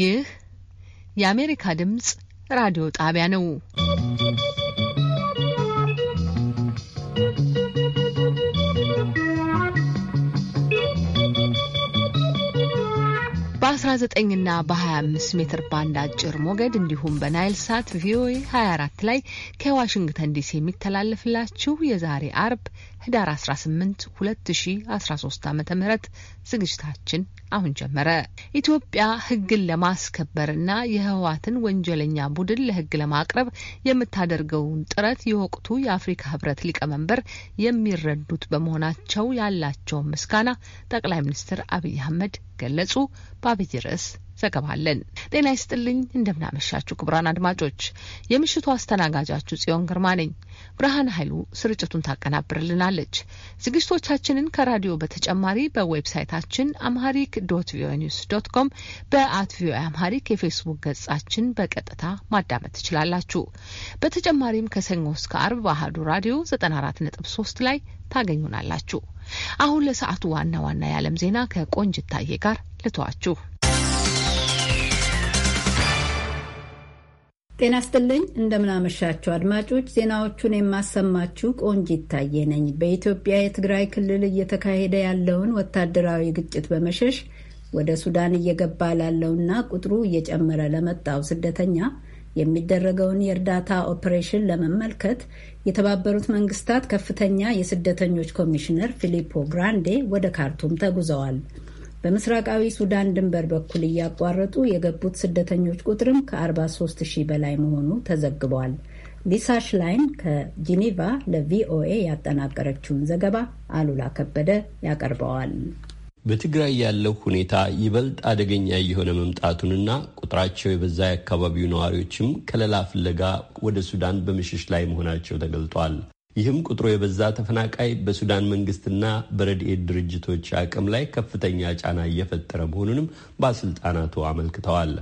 ይህ የአሜሪካ ድምፅ ራዲዮ ጣቢያ ነው። በ19 እና በ25 ሜትር ባንድ አጭር ሞገድ እንዲሁም በናይል ሳት ቪኦኤ 24 ላይ ከዋሽንግተን ዲሲ የሚተላለፍላችሁ የዛሬ አርብ ህዳር 18 2013 ዓ ም ዝግጅታችን አሁን ጀመረ። ኢትዮጵያ ለማስከበር ለማስከበርና የህወሓትን ወንጀለኛ ቡድን ለህግ ለማቅረብ የምታደርገውን ጥረት የወቅቱ የአፍሪካ ህብረት ሊቀመንበር የሚረዱት በመሆናቸው ያላቸውን ምስጋና ጠቅላይ ሚኒስትር አብይ አህመድ ገለጹ። በአብይ ርዕስ ዘገባለን። ጤና ይስጥልኝ፣ እንደምናመሻችሁ ክቡራን አድማጮች፣ የምሽቱ አስተናጋጃችሁ ጽዮን ግርማ ነኝ። ብርሃን ኃይሉ ስርጭቱን ታቀናብርልናለች። ዝግጅቶቻችንን ከራዲዮ በተጨማሪ በዌብሳይታችን አምሃሪክ ዶት ቪኦኤ ኒውስ ዶት ኮም፣ በአት ቪኦኤ አምሃሪክ የፌስቡክ ገጻችን በቀጥታ ማዳመጥ ትችላላችሁ። በተጨማሪም ከሰኞ እስከ አርብ በአህዱ ራዲዮ 94.3 ላይ ታገኙናላችሁ። አሁን ለሰዓቱ ዋና ዋና የዓለም ዜና ከቆንጅታዬ ጋር ልተዋችሁ። ጤና ስጥልኝ፣ እንደምናመሻችሁ አድማጮች፣ ዜናዎቹን የማሰማችሁ ቆንጅ ይታየ ነኝ። በኢትዮጵያ የትግራይ ክልል እየተካሄደ ያለውን ወታደራዊ ግጭት በመሸሽ ወደ ሱዳን እየገባ ላለውና ቁጥሩ እየጨመረ ለመጣው ስደተኛ የሚደረገውን የእርዳታ ኦፕሬሽን ለመመልከት የተባበሩት መንግስታት ከፍተኛ የስደተኞች ኮሚሽነር ፊሊፖ ግራንዴ ወደ ካርቱም ተጉዘዋል። በምስራቃዊ ሱዳን ድንበር በኩል እያቋረጡ የገቡት ስደተኞች ቁጥርም ከ43 ሺህ በላይ መሆኑ ተዘግቧል። ሊሳ ሽላይን ከጂኔቫ ለቪኦኤ ያጠናቀረችውን ዘገባ አሉላ ከበደ ያቀርበዋል። በትግራይ ያለው ሁኔታ ይበልጥ አደገኛ እየሆነ መምጣቱንና ቁጥራቸው የበዛ የአካባቢው ነዋሪዎችም ከለላ ፍለጋ ወደ ሱዳን በምሽሽ ላይ መሆናቸው ተገልጧል። ይህም ቁጥሩ የበዛ ተፈናቃይ በሱዳን መንግስትና በረድኤት ድርጅቶች አቅም ላይ ከፍተኛ ጫና እየፈጠረ መሆኑንም ባለስልጣናቱ አመልክተዋል።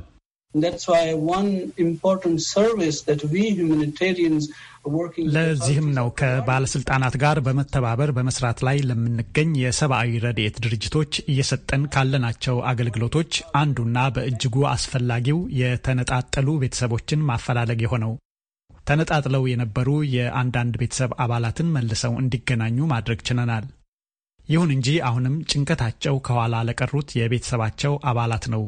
ለዚህም ነው ከባለስልጣናት ጋር በመተባበር በመስራት ላይ ለምንገኝ የሰብአዊ ረድኤት ድርጅቶች እየሰጠን ካለናቸው አገልግሎቶች አንዱና በእጅጉ አስፈላጊው የተነጣጠሉ ቤተሰቦችን ማፈላለግ የሆነው ተነጣጥለው የነበሩ የአንዳንድ ቤተሰብ አባላትን መልሰው እንዲገናኙ ማድረግ ችለናል። ይሁን እንጂ አሁንም ጭንቀታቸው ከኋላ ለቀሩት የቤተሰባቸው አባላት ነው።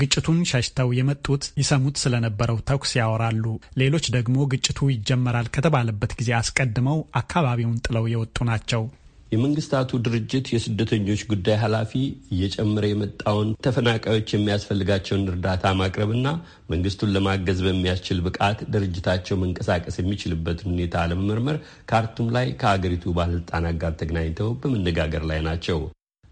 ግጭቱን ሸሽተው የመጡት ይሰሙት ስለነበረው ተኩስ ያወራሉ። ሌሎች ደግሞ ግጭቱ ይጀመራል ከተባለበት ጊዜ አስቀድመው አካባቢውን ጥለው የወጡ ናቸው። የመንግስታቱ ድርጅት የስደተኞች ጉዳይ ኃላፊ እየጨመረ የመጣውን ተፈናቃዮች የሚያስፈልጋቸውን እርዳታ ማቅረብና መንግስቱን ለማገዝ በሚያስችል ብቃት ድርጅታቸው መንቀሳቀስ የሚችልበትን ሁኔታ ለመመርመር ካርቱም ላይ ከአገሪቱ ባለስልጣናት ጋር ተገናኝተው በመነጋገር ላይ ናቸው።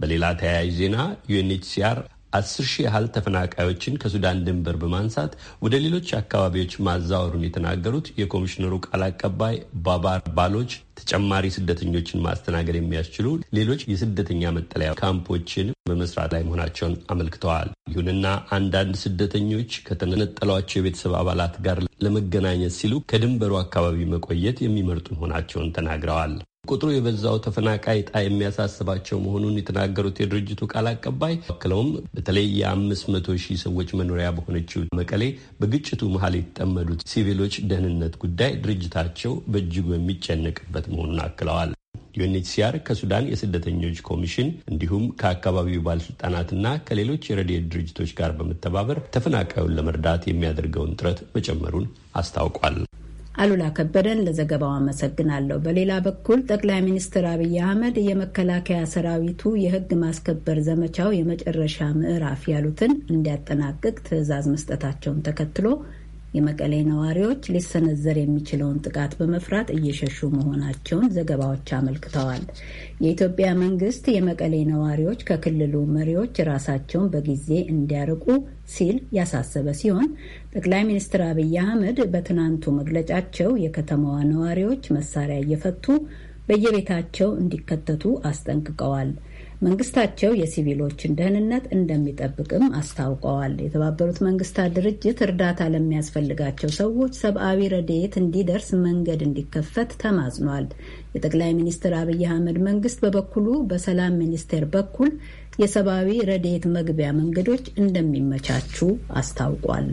በሌላ ተያያዥ ዜና ዩኤንኤችሲአር አስር ሺህ ያህል ተፈናቃዮችን ከሱዳን ድንበር በማንሳት ወደ ሌሎች አካባቢዎች ማዛወሩን የተናገሩት የኮሚሽነሩ ቃል አቀባይ ባባር ባሎች ተጨማሪ ስደተኞችን ማስተናገድ የሚያስችሉ ሌሎች የስደተኛ መጠለያ ካምፖችን በመስራት ላይ መሆናቸውን አመልክተዋል። ይሁንና አንዳንድ ስደተኞች ከተነጠሏቸው የቤተሰብ አባላት ጋር ለመገናኘት ሲሉ ከድንበሩ አካባቢ መቆየት የሚመርጡ መሆናቸውን ተናግረዋል። ቁጥሩ የበዛው ተፈናቃይ ጣ የሚያሳስባቸው መሆኑን የተናገሩት የድርጅቱ ቃል አቀባይ አክለውም በተለይ የአምስት መቶ ሺህ ሰዎች መኖሪያ በሆነችው መቀሌ በግጭቱ መሀል የተጠመዱት ሲቪሎች ደህንነት ጉዳይ ድርጅታቸው በእጅጉ የሚጨነቅበት መሆኑን አክለዋል። ዩኤንኤችሲአር ከሱዳን የስደተኞች ኮሚሽን እንዲሁም ከአካባቢው ባለስልጣናትና ከሌሎች የረድኤት ድርጅቶች ጋር በመተባበር ተፈናቃዩን ለመርዳት የሚያደርገውን ጥረት መጨመሩን አስታውቋል። አሉላ ከበደን ለዘገባው አመሰግናለሁ። በሌላ በኩል ጠቅላይ ሚኒስትር አብይ አህመድ የመከላከያ ሰራዊቱ የህግ ማስከበር ዘመቻው የመጨረሻ ምዕራፍ ያሉትን እንዲያጠናቅቅ ትዕዛዝ መስጠታቸውን ተከትሎ የመቀሌ ነዋሪዎች ሊሰነዘር የሚችለውን ጥቃት በመፍራት እየሸሹ መሆናቸውን ዘገባዎች አመልክተዋል። የኢትዮጵያ መንግስት የመቀሌ ነዋሪዎች ከክልሉ መሪዎች ራሳቸውን በጊዜ እንዲያርቁ ሲል ያሳሰበ ሲሆን ጠቅላይ ሚኒስትር አብይ አህመድ በትናንቱ መግለጫቸው የከተማዋ ነዋሪዎች መሳሪያ እየፈቱ በየቤታቸው እንዲከተቱ አስጠንቅቀዋል። መንግስታቸው የሲቪሎችን ደህንነት እንደሚጠብቅም አስታውቀዋል። የተባበሩት መንግስታት ድርጅት እርዳታ ለሚያስፈልጋቸው ሰዎች ሰብአዊ ረድኤት እንዲደርስ መንገድ እንዲከፈት ተማጽኗል። የጠቅላይ ሚኒስትር አብይ አህመድ መንግስት በበኩሉ በሰላም ሚኒስቴር በኩል የሰብአዊ ረድኤት መግቢያ መንገዶች እንደሚመቻቹ አስታውቋል።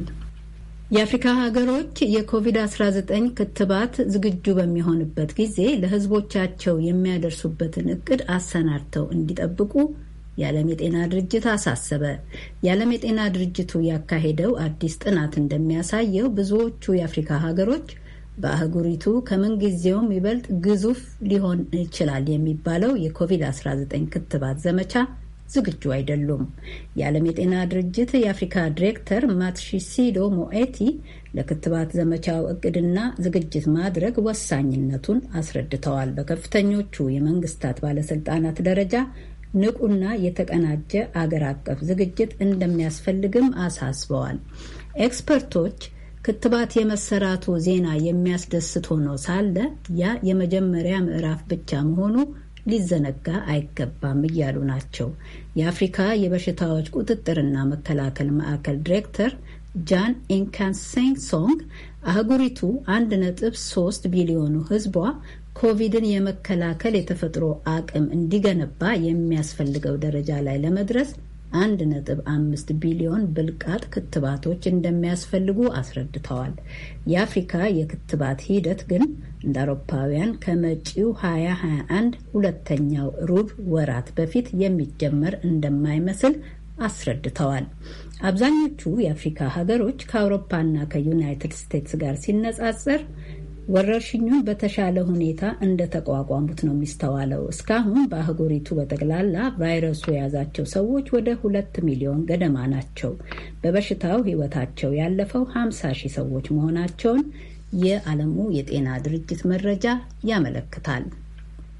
የአፍሪካ ሀገሮች የኮቪድ-19 ክትባት ዝግጁ በሚሆንበት ጊዜ ለሕዝቦቻቸው የሚያደርሱበትን እቅድ አሰናድተው እንዲጠብቁ የዓለም የጤና ድርጅት አሳሰበ። የዓለም የጤና ድርጅቱ ያካሄደው አዲስ ጥናት እንደሚያሳየው ብዙዎቹ የአፍሪካ ሀገሮች በአህጉሪቱ ከምንጊዜውም ይበልጥ ግዙፍ ሊሆን ይችላል የሚባለው የኮቪድ-19 ክትባት ዘመቻ ዝግጁ አይደሉም። የዓለም የጤና ድርጅት የአፍሪካ ዲሬክተር ማትሺሲዶ ሞኤቲ ለክትባት ዘመቻው እቅድና ዝግጅት ማድረግ ወሳኝነቱን አስረድተዋል። በከፍተኞቹ የመንግስታት ባለስልጣናት ደረጃ ንቁና የተቀናጀ አገር አቀፍ ዝግጅት እንደሚያስፈልግም አሳስበዋል። ኤክስፐርቶች ክትባት የመሰራቱ ዜና የሚያስደስት ሆኖ ሳለ ያ የመጀመሪያ ምዕራፍ ብቻ መሆኑ ሊዘነጋ አይገባም እያሉ ናቸው የአፍሪካ የበሽታዎች ቁጥጥርና መከላከል ማዕከል ዲሬክተር ጃን ሶንግ አህጉሪቱ 13 ቢሊዮኑ ህዝቧ ኮቪድን የመከላከል የተፈጥሮ አቅም እንዲገነባ የሚያስፈልገው ደረጃ ላይ ለመድረስ አንድ ነጥብ አምስት ቢሊዮን ብልቃጥ ክትባቶች እንደሚያስፈልጉ አስረድተዋል። የአፍሪካ የክትባት ሂደት ግን እንደ አውሮፓውያን ከመጪው 2021 ሁለተኛው ሩብ ወራት በፊት የሚጀመር እንደማይመስል አስረድተዋል። አብዛኞቹ የአፍሪካ ሀገሮች ከአውሮፓና ከዩናይትድ ስቴትስ ጋር ሲነጻጸር ወረርሽኙን በተሻለ ሁኔታ እንደተቋቋሙት ነው የሚስተዋለው። እስካሁን በአህጉሪቱ በጠቅላላ ቫይረሱ የያዛቸው ሰዎች ወደ ሁለት ሚሊዮን ገደማ ናቸው። በበሽታው ህይወታቸው ያለፈው ሀምሳ ሺህ ሰዎች መሆናቸውን የዓለሙ የጤና ድርጅት መረጃ ያመለክታል።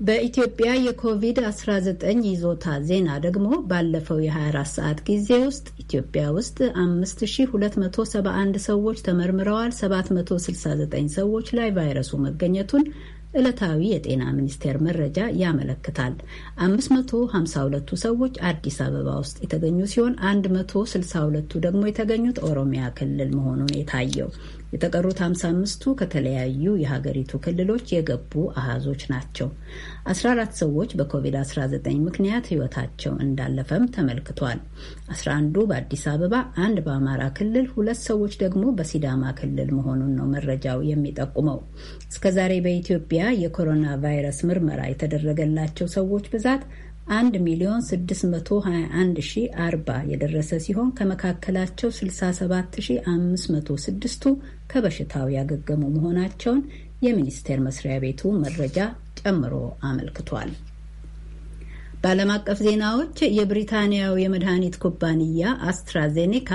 በኢትዮጵያ የኮቪድ-19 ይዞታ ዜና ደግሞ ባለፈው የ24 ሰዓት ጊዜ ውስጥ ኢትዮጵያ ውስጥ 5271 ሰዎች ተመርምረዋል። 769 ሰዎች ላይ ቫይረሱ መገኘቱን ዕለታዊ የጤና ሚኒስቴር መረጃ ያመለክታል። 552ቱ ሰዎች አዲስ አበባ ውስጥ የተገኙ ሲሆን 162ቱ ደግሞ የተገኙት ኦሮሚያ ክልል መሆኑን የታየው የተቀሩት 55ቱ ከተለያዩ የሀገሪቱ ክልሎች የገቡ አሃዞች ናቸው። 14 ሰዎች በኮቪድ-19 ምክንያት ህይወታቸው እንዳለፈም ተመልክቷል። 11ዱ በአዲስ አበባ፣ አንድ በአማራ ክልል፣ ሁለት ሰዎች ደግሞ በሲዳማ ክልል መሆኑን ነው መረጃው የሚጠቁመው። እስከዛሬ በኢትዮጵያ የኮሮና ቫይረስ ምርመራ የተደረገላቸው ሰዎች ብዛት 1 ሚሊዮን 621,040 የደረሰ ሲሆን ከመካከላቸው 67506ቱ ከበሽታው ያገገሙ መሆናቸውን የሚኒስቴር መስሪያ ቤቱ መረጃ ጨምሮ አመልክቷል። በዓለም አቀፍ ዜናዎች የብሪታንያው የመድኃኒት ኩባንያ አስትራዜኔካ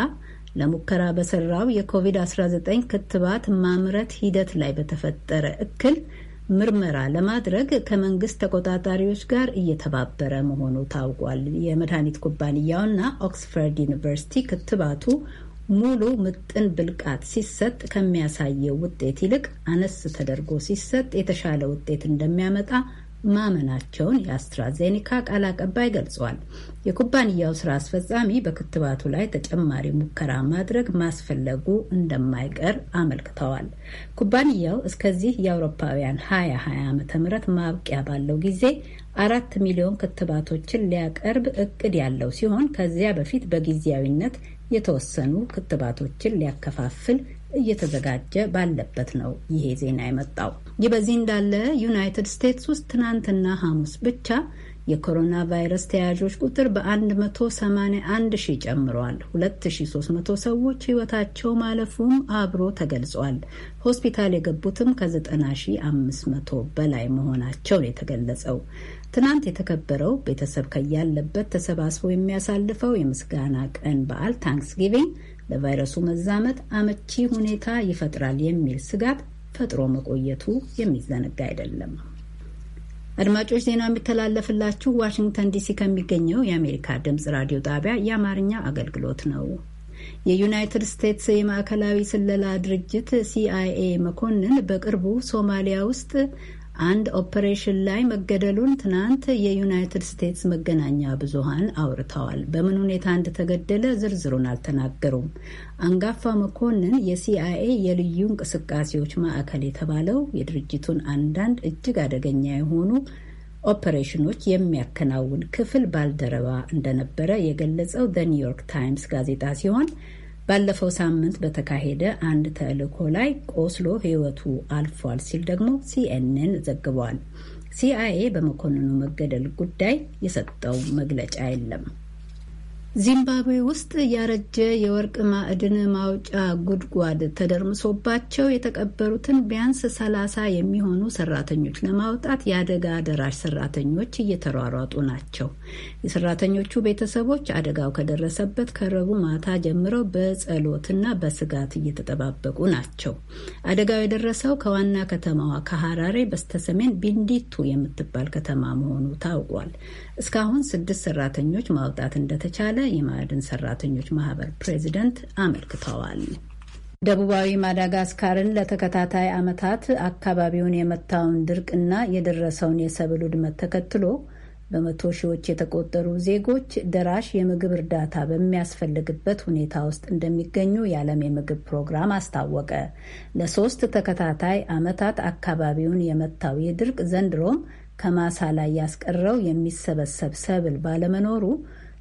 ለሙከራ በሰራው የኮቪድ-19 ክትባት ማምረት ሂደት ላይ በተፈጠረ እክል ምርመራ ለማድረግ ከመንግስት ተቆጣጣሪዎች ጋር እየተባበረ መሆኑ ታውቋል። የመድኃኒት ኩባንያውና ኦክስፈርድ ዩኒቨርሲቲ ክትባቱ ሙሉ ምጥን ብልቃት ሲሰጥ ከሚያሳየው ውጤት ይልቅ አነስ ተደርጎ ሲሰጥ የተሻለ ውጤት እንደሚያመጣ ማመናቸውን የአስትራዜኒካ ቃል አቀባይ ገልጿል። የኩባንያው ስራ አስፈጻሚ በክትባቱ ላይ ተጨማሪ ሙከራ ማድረግ ማስፈለጉ እንደማይቀር አመልክተዋል። ኩባንያው እስከዚህ የአውሮፓውያን 2020 ዓ.ም ማብቂያ ባለው ጊዜ አራት ሚሊዮን ክትባቶችን ሊያቀርብ እቅድ ያለው ሲሆን ከዚያ በፊት በጊዜያዊነት የተወሰኑ ክትባቶችን ሊያከፋፍል እየተዘጋጀ ባለበት ነው ይሄ ዜና የመጣው። ይህ በዚህ እንዳለ ዩናይትድ ስቴትስ ውስጥ ትናንትና ሐሙስ ብቻ የኮሮና ቫይረስ ተያዦች ቁጥር በ181 ሺህ ጨምሯል። 2300 ሰዎች ህይወታቸው ማለፉም አብሮ ተገልጿል። ሆስፒታል የገቡትም ከ9500 በላይ መሆናቸው ነው የተገለጸው። ትናንት የተከበረው ቤተሰብ ከያለበት ተሰባስቦ የሚያሳልፈው የምስጋና ቀን በዓል ታንክስጊቪንግ ለቫይረሱ መዛመት አመቺ ሁኔታ ይፈጥራል የሚል ስጋት ፈጥሮ መቆየቱ የሚዘነጋ አይደለም። አድማጮች ዜና የሚተላለፍላችሁ ዋሽንግተን ዲሲ ከሚገኘው የአሜሪካ ድምፅ ራዲዮ ጣቢያ የአማርኛ አገልግሎት ነው። የዩናይትድ ስቴትስ የማዕከላዊ ስለላ ድርጅት ሲአይኤ መኮንን በቅርቡ ሶማሊያ ውስጥ አንድ ኦፕሬሽን ላይ መገደሉን ትናንት የዩናይትድ ስቴትስ መገናኛ ብዙሃን አውርተዋል። በምን ሁኔታ እንደተገደለ ዝርዝሩን አልተናገሩም። አንጋፋ መኮንን የሲአይኤ የልዩ እንቅስቃሴዎች ማዕከል የተባለው የድርጅቱን አንዳንድ እጅግ አደገኛ የሆኑ ኦፕሬሽኖች የሚያከናውን ክፍል ባልደረባ እንደነበረ የገለጸው ዘ ኒውዮርክ ታይምስ ጋዜጣ ሲሆን ባለፈው ሳምንት በተካሄደ አንድ ተልዕኮ ላይ ቆስሎ ህይወቱ አልፏል ሲል ደግሞ ሲኤንኤን ዘግቧል። ሲአይኤ በመኮንኑ መገደል ጉዳይ የሰጠው መግለጫ የለም። ዚምባብዌ ውስጥ ያረጀ የወርቅ ማዕድን ማውጫ ጉድጓድ ተደርምሶባቸው የተቀበሩትን ቢያንስ ሰላሳ የሚሆኑ ሰራተኞች ለማውጣት የአደጋ ደራሽ ሰራተኞች እየተሯሯጡ ናቸው። የሰራተኞቹ ቤተሰቦች አደጋው ከደረሰበት ከረቡ ማታ ጀምረው በጸሎትና በስጋት እየተጠባበቁ ናቸው። አደጋው የደረሰው ከዋና ከተማዋ ከሐራሬ በስተሰሜን ቢንዲቱ የምትባል ከተማ መሆኑ ታውቋል። እስካሁን ስድስት ሰራተኞች ማውጣት እንደተቻለ የማዕድን ሰራተኞች ማህበር ፕሬዚደንት አመልክተዋል። ደቡባዊ ማዳጋስካርን ለተከታታይ ዓመታት አካባቢውን የመታውን ድርቅና የደረሰውን የሰብል ውድመት ተከትሎ በመቶ ሺዎች የተቆጠሩ ዜጎች ደራሽ የምግብ እርዳታ በሚያስፈልግበት ሁኔታ ውስጥ እንደሚገኙ የዓለም የምግብ ፕሮግራም አስታወቀ። ለሶስት ተከታታይ ዓመታት አካባቢውን የመታው የድርቅ ዘንድሮም ከማሳ ላይ ያስቀረው የሚሰበሰብ ሰብል ባለመኖሩ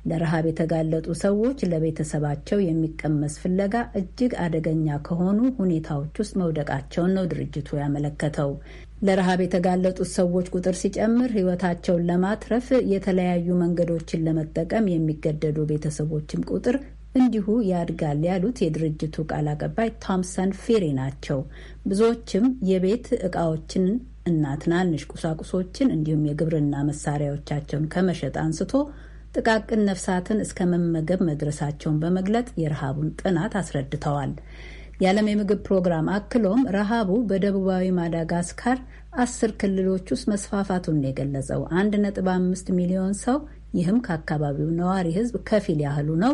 ለረሃብ የተጋለጡ ሰዎች ለቤተሰባቸው የሚቀመስ ፍለጋ እጅግ አደገኛ ከሆኑ ሁኔታዎች ውስጥ መውደቃቸውን ነው ድርጅቱ ያመለከተው። ለረሃብ የተጋለጡት ሰዎች ቁጥር ሲጨምር ሕይወታቸውን ለማትረፍ የተለያዩ መንገዶችን ለመጠቀም የሚገደዱ ቤተሰቦችም ቁጥር እንዲሁ ያድጋል ያሉት የድርጅቱ ቃል አቀባይ ቶምሰን ፌሪ ናቸው። ብዙዎችም የቤት እቃዎችን እና ትናንሽ ቁሳቁሶችን እንዲሁም የግብርና መሳሪያዎቻቸውን ከመሸጥ አንስቶ ጥቃቅን ነፍሳትን እስከ መመገብ መድረሳቸውን በመግለጥ የረሃቡን ጥናት አስረድተዋል። የዓለም የምግብ ፕሮግራም አክሎም ረሃቡ በደቡባዊ ማዳጋስካር አስር ክልሎች ውስጥ መስፋፋቱን የገለጸው አንድ ነጥብ አምስት ሚሊዮን ሰው ይህም ከአካባቢው ነዋሪ ሕዝብ ከፊል ያህሉ ነው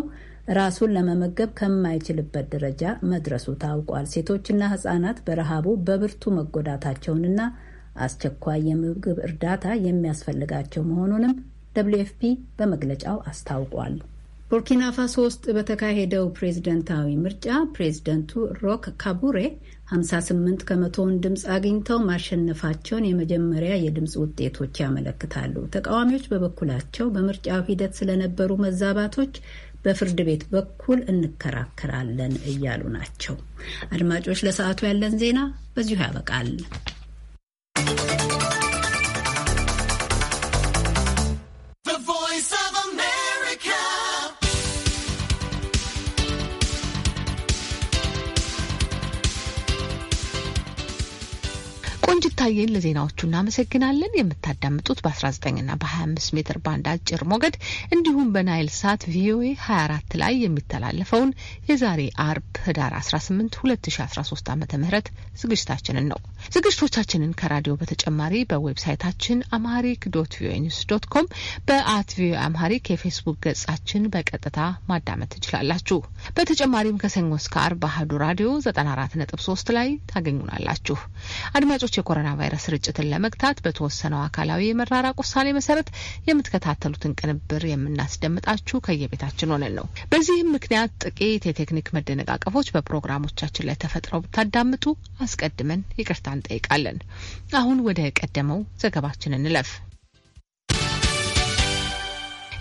ራሱን ለመመገብ ከማይችልበት ደረጃ መድረሱ ታውቋል። ሴቶችና ህጻናት በረሃቡ በብርቱ መጎዳታቸውንና አስቸኳይ የምግብ እርዳታ የሚያስፈልጋቸው መሆኑንም ደብሊው ኤፍፒ በመግለጫው አስታውቋል። ቡርኪና ፋሶ ውስጥ በተካሄደው ፕሬዝደንታዊ ምርጫ ፕሬዝደንቱ ሮክ ካቡሬ 58 ከመቶውን ድምፅ አግኝተው ማሸነፋቸውን የመጀመሪያ የድምፅ ውጤቶች ያመለክታሉ። ተቃዋሚዎች በበኩላቸው በምርጫው ሂደት ስለነበሩ መዛባቶች በፍርድ ቤት በኩል እንከራከራለን እያሉ ናቸው። አድማጮች፣ ለሰዓቱ ያለን ዜና በዚሁ ያበቃል። ፀሐይን ለዜናዎቹ እናመሰግናለን። የምታዳምጡት በ19 ና በ25 ሜትር ባንድ አጭር ሞገድ እንዲሁም በናይል ሳት ቪኦኤ 24 ላይ የሚተላለፈውን የዛሬ አርብ ህዳር 18 2013 ዓ ም ዝግጅታችንን ነው። ዝግጅቶቻችንን ከራዲዮ በተጨማሪ በዌብሳይታችን አማሪክ ዶት ቪኦኤ ኒውስ ዶት ኮም በአት ቪኦኤ አማሪክ የፌስቡክ ገጻችን በቀጥታ ማዳመጥ ትችላላችሁ። በተጨማሪም ከሰኞ እስከ አርብ አህዱ ራዲዮ 94.3 ላይ ታገኙናላችሁ። አድማጮች የኮረና ቫይረስ ስርጭትን ለመግታት በተወሰነው አካላዊ የመራራቅ ውሳኔ መሰረት የምትከታተሉትን ቅንብር የምናስደምጣችሁ ከየቤታችን ሆነን ነው። በዚህም ምክንያት ጥቂት የቴክኒክ መደነቃቀፎች በፕሮግራሞቻችን ላይ ተፈጥረው ብታዳምጡ አስቀድመን ይቅርታ እንጠይቃለን። አሁን ወደ ቀደመው ዘገባችን እንለፍ።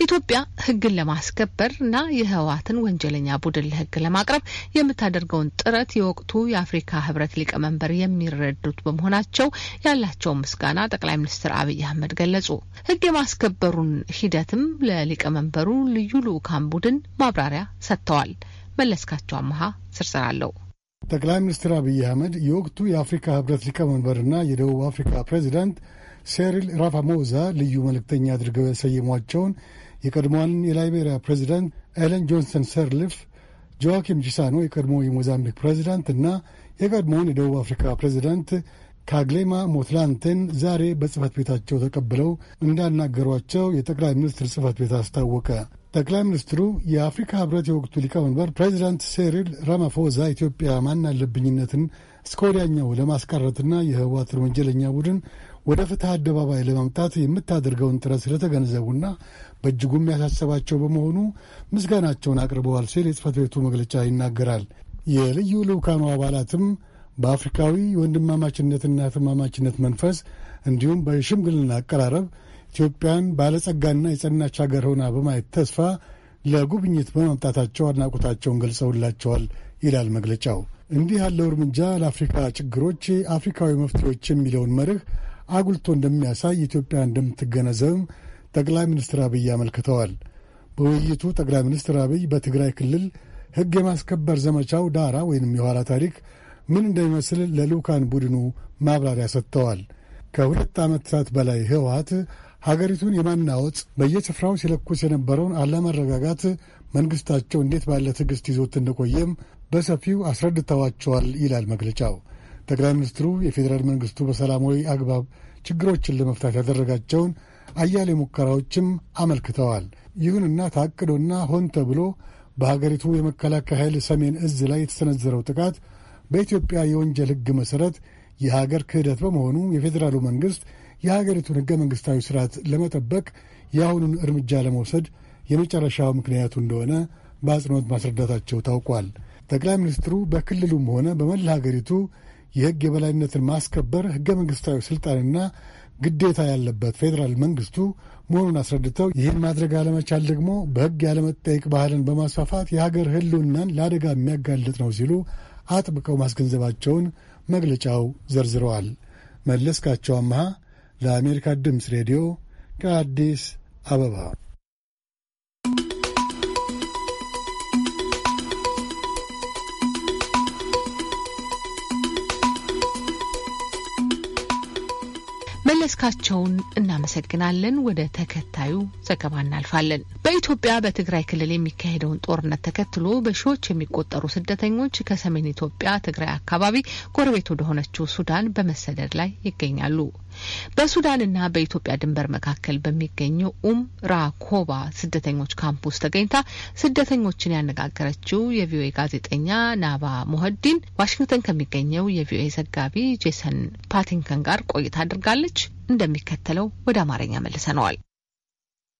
ኢትዮጵያ ህግን ለማስከበር እና የህወሓትን ወንጀለኛ ቡድን ለህግ ለማቅረብ የምታደርገውን ጥረት የወቅቱ የአፍሪካ ህብረት ሊቀመንበር የሚረዱት በመሆናቸው ያላቸውን ምስጋና ጠቅላይ ሚኒስትር አብይ አህመድ ገለጹ። ህግ የማስከበሩን ሂደትም ለሊቀመንበሩ ልዩ ልኡካን ቡድን ማብራሪያ ሰጥተዋል። መለስካቸው አመሃ ስርስር አለው። ጠቅላይ ሚኒስትር አብይ አህመድ የወቅቱ የአፍሪካ ህብረት ሊቀመንበርና የደቡብ አፍሪካ ፕሬዚዳንት ሴሪል ራፋሞዛ ልዩ መልእክተኛ አድርገው የሰየሟቸውን የቀድሞዋን የላይቤሪያ ፕሬዚዳንት ኤለን ጆንሰን ሰርልፍ፣ ጆዋኪም ቺሳኖ የቀድሞ የሞዛምቢክ ፕሬዚዳንት እና የቀድሞውን የደቡብ አፍሪካ ፕሬዚዳንት ካግሌማ ሞትላንቴን ዛሬ በጽህፈት ቤታቸው ተቀብለው እንዳናገሯቸው የጠቅላይ ሚኒስትር ጽህፈት ቤት አስታወቀ። ጠቅላይ ሚኒስትሩ የአፍሪካ ህብረት የወቅቱ ሊቀመንበር ፕሬዚዳንት ሴሪል ራማፎዛ ኢትዮጵያ ማናለብኝነትን እስከ ወዲያኛው ለማስቀረትና የህወሓትን ወንጀለኛ ቡድን ወደ ፍትህ አደባባይ ለማምጣት የምታደርገውን ጥረት ስለተገነዘቡና በእጅጉም ያሳሰባቸው በመሆኑ ምስጋናቸውን አቅርበዋል ሲል የጽህፈት ቤቱ መግለጫ ይናገራል። የልዩ ልዑካኑ አባላትም በአፍሪካዊ ወንድማማችነትና ትማማችነት መንፈስ እንዲሁም በሽምግልና አቀራረብ ኢትዮጵያን ባለጸጋና የጸናች ሀገር ሆና በማየት ተስፋ ለጉብኝት በማምጣታቸው አድናቆታቸውን ገልጸውላቸዋል ይላል መግለጫው። እንዲህ ያለው እርምጃ ለአፍሪካ ችግሮች አፍሪካዊ መፍትሄዎች የሚለውን መርህ አጉልቶ እንደሚያሳይ ኢትዮጵያ እንደምትገነዘብም ጠቅላይ ሚኒስትር አብይ አመልክተዋል። በውይይቱ ጠቅላይ ሚኒስትር አብይ በትግራይ ክልል ሕግ የማስከበር ዘመቻው ዳራ ወይንም የኋላ ታሪክ ምን እንደሚመስል ለልዑካን ቡድኑ ማብራሪያ ሰጥተዋል። ከሁለት ዓመታት በላይ ህወሓት ሀገሪቱን የማናወጥ በየስፍራው ሲለኩስ የነበረውን አለመረጋጋት መንግሥታቸው እንዴት ባለ ትዕግሥት ይዞት እንደቆየም በሰፊው አስረድተዋቸዋል ይላል መግለጫው። ጠቅላይ ሚኒስትሩ የፌዴራል መንግስቱ በሰላማዊ አግባብ ችግሮችን ለመፍታት ያደረጋቸውን አያሌ ሙከራዎችም አመልክተዋል። ይሁንና ታቅዶና ሆን ተብሎ በሀገሪቱ የመከላከያ ኃይል ሰሜን እዝ ላይ የተሰነዘረው ጥቃት በኢትዮጵያ የወንጀል ሕግ መሠረት የሀገር ክህደት በመሆኑ የፌዴራሉ መንግሥት የሀገሪቱን ሕገ መንግሥታዊ ሥርዓት ለመጠበቅ የአሁኑን እርምጃ ለመውሰድ የመጨረሻው ምክንያቱ እንደሆነ በአጽንኦት ማስረዳታቸው ታውቋል። ጠቅላይ ሚኒስትሩ በክልሉም ሆነ በመላ ሀገሪቱ የህግ የበላይነትን ማስከበር ሕገ መንግስታዊ ስልጣንና ግዴታ ያለበት ፌዴራል መንግስቱ መሆኑን አስረድተው ይህን ማድረግ አለመቻል ደግሞ በህግ ያለመጠየቅ ባህልን በማስፋፋት የሀገር ህልውናን ለአደጋ የሚያጋልጥ ነው ሲሉ አጥብቀው ማስገንዘባቸውን መግለጫው ዘርዝረዋል። መለስካቸው አምሃ ለአሜሪካ ድምፅ ሬዲዮ ከአዲስ አበባ መለስካቸውን እናመሰግናለን። ወደ ተከታዩ ዘገባ እናልፋለን። በኢትዮጵያ በትግራይ ክልል የሚካሄደውን ጦርነት ተከትሎ በሺዎች የሚቆጠሩ ስደተኞች ከሰሜን ኢትዮጵያ ትግራይ አካባቢ ጎረቤት ወደሆነችው ሱዳን በመሰደድ ላይ ይገኛሉ። በሱዳንና በኢትዮጵያ ድንበር መካከል በሚገኘው ኡም ራኮባ ስደተኞች ካምፕ ውስጥ ተገኝታ ስደተኞችን ያነጋገረችው የቪኦኤ ጋዜጠኛ ናባ ሞሀዲን ዋሽንግተን ከሚገኘው የቪኦኤ ዘጋቢ ጄሰን ፓቲንከን ጋር ቆይታ አድርጋለች። እንደሚከተለው ወደ አማርኛ መልሰነዋል።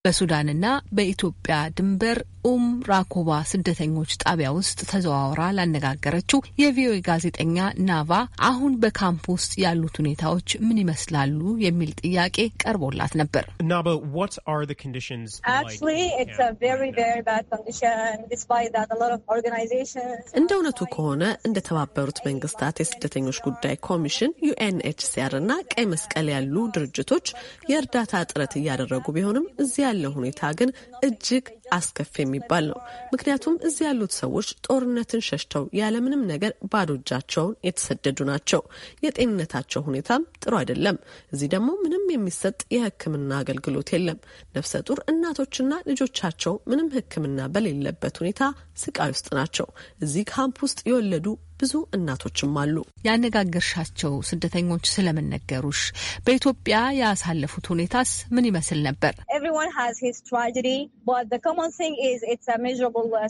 በሱዳንና በኢትዮጵያ ድንበር ኡም ራኮባ ስደተኞች ጣቢያ ውስጥ ተዘዋውራ ላነጋገረችው የቪኦኤ ጋዜጠኛ ናቫ አሁን በካምፕ ውስጥ ያሉት ሁኔታዎች ምን ይመስላሉ የሚል ጥያቄ ቀርቦላት ነበር። እንደ እውነቱ ከሆነ እንደተባበሩት መንግስታት የስደተኞች ጉዳይ ኮሚሽን ዩኤንኤችሲአር እና ቀይ መስቀል ያሉ ድርጅቶች የእርዳታ ጥረት እያደረጉ ቢሆንም እዚያ ያለው ሁኔታ ግን እጅግ አስከፊ የሚባል ነው። ምክንያቱም እዚህ ያሉት ሰዎች ጦርነትን ሸሽተው ያለምንም ነገር ባዶ እጃቸውን የተሰደዱ ናቸው። የጤንነታቸው ሁኔታም ጥሩ አይደለም። እዚህ ደግሞ ምንም የሚሰጥ የሕክምና አገልግሎት የለም። ነፍሰ ጡር እናቶችና ልጆቻቸው ምንም ሕክምና በሌለበት ሁኔታ ስቃይ ውስጥ ናቸው። እዚህ ካምፕ ውስጥ የወለዱ ብዙ እናቶችም አሉ። ያነጋገርሻቸው ስደተኞች ነገሩሽ? በኢትዮጵያ ያሳለፉት ሁኔታስ ምን ይመስል ነበር? Uh,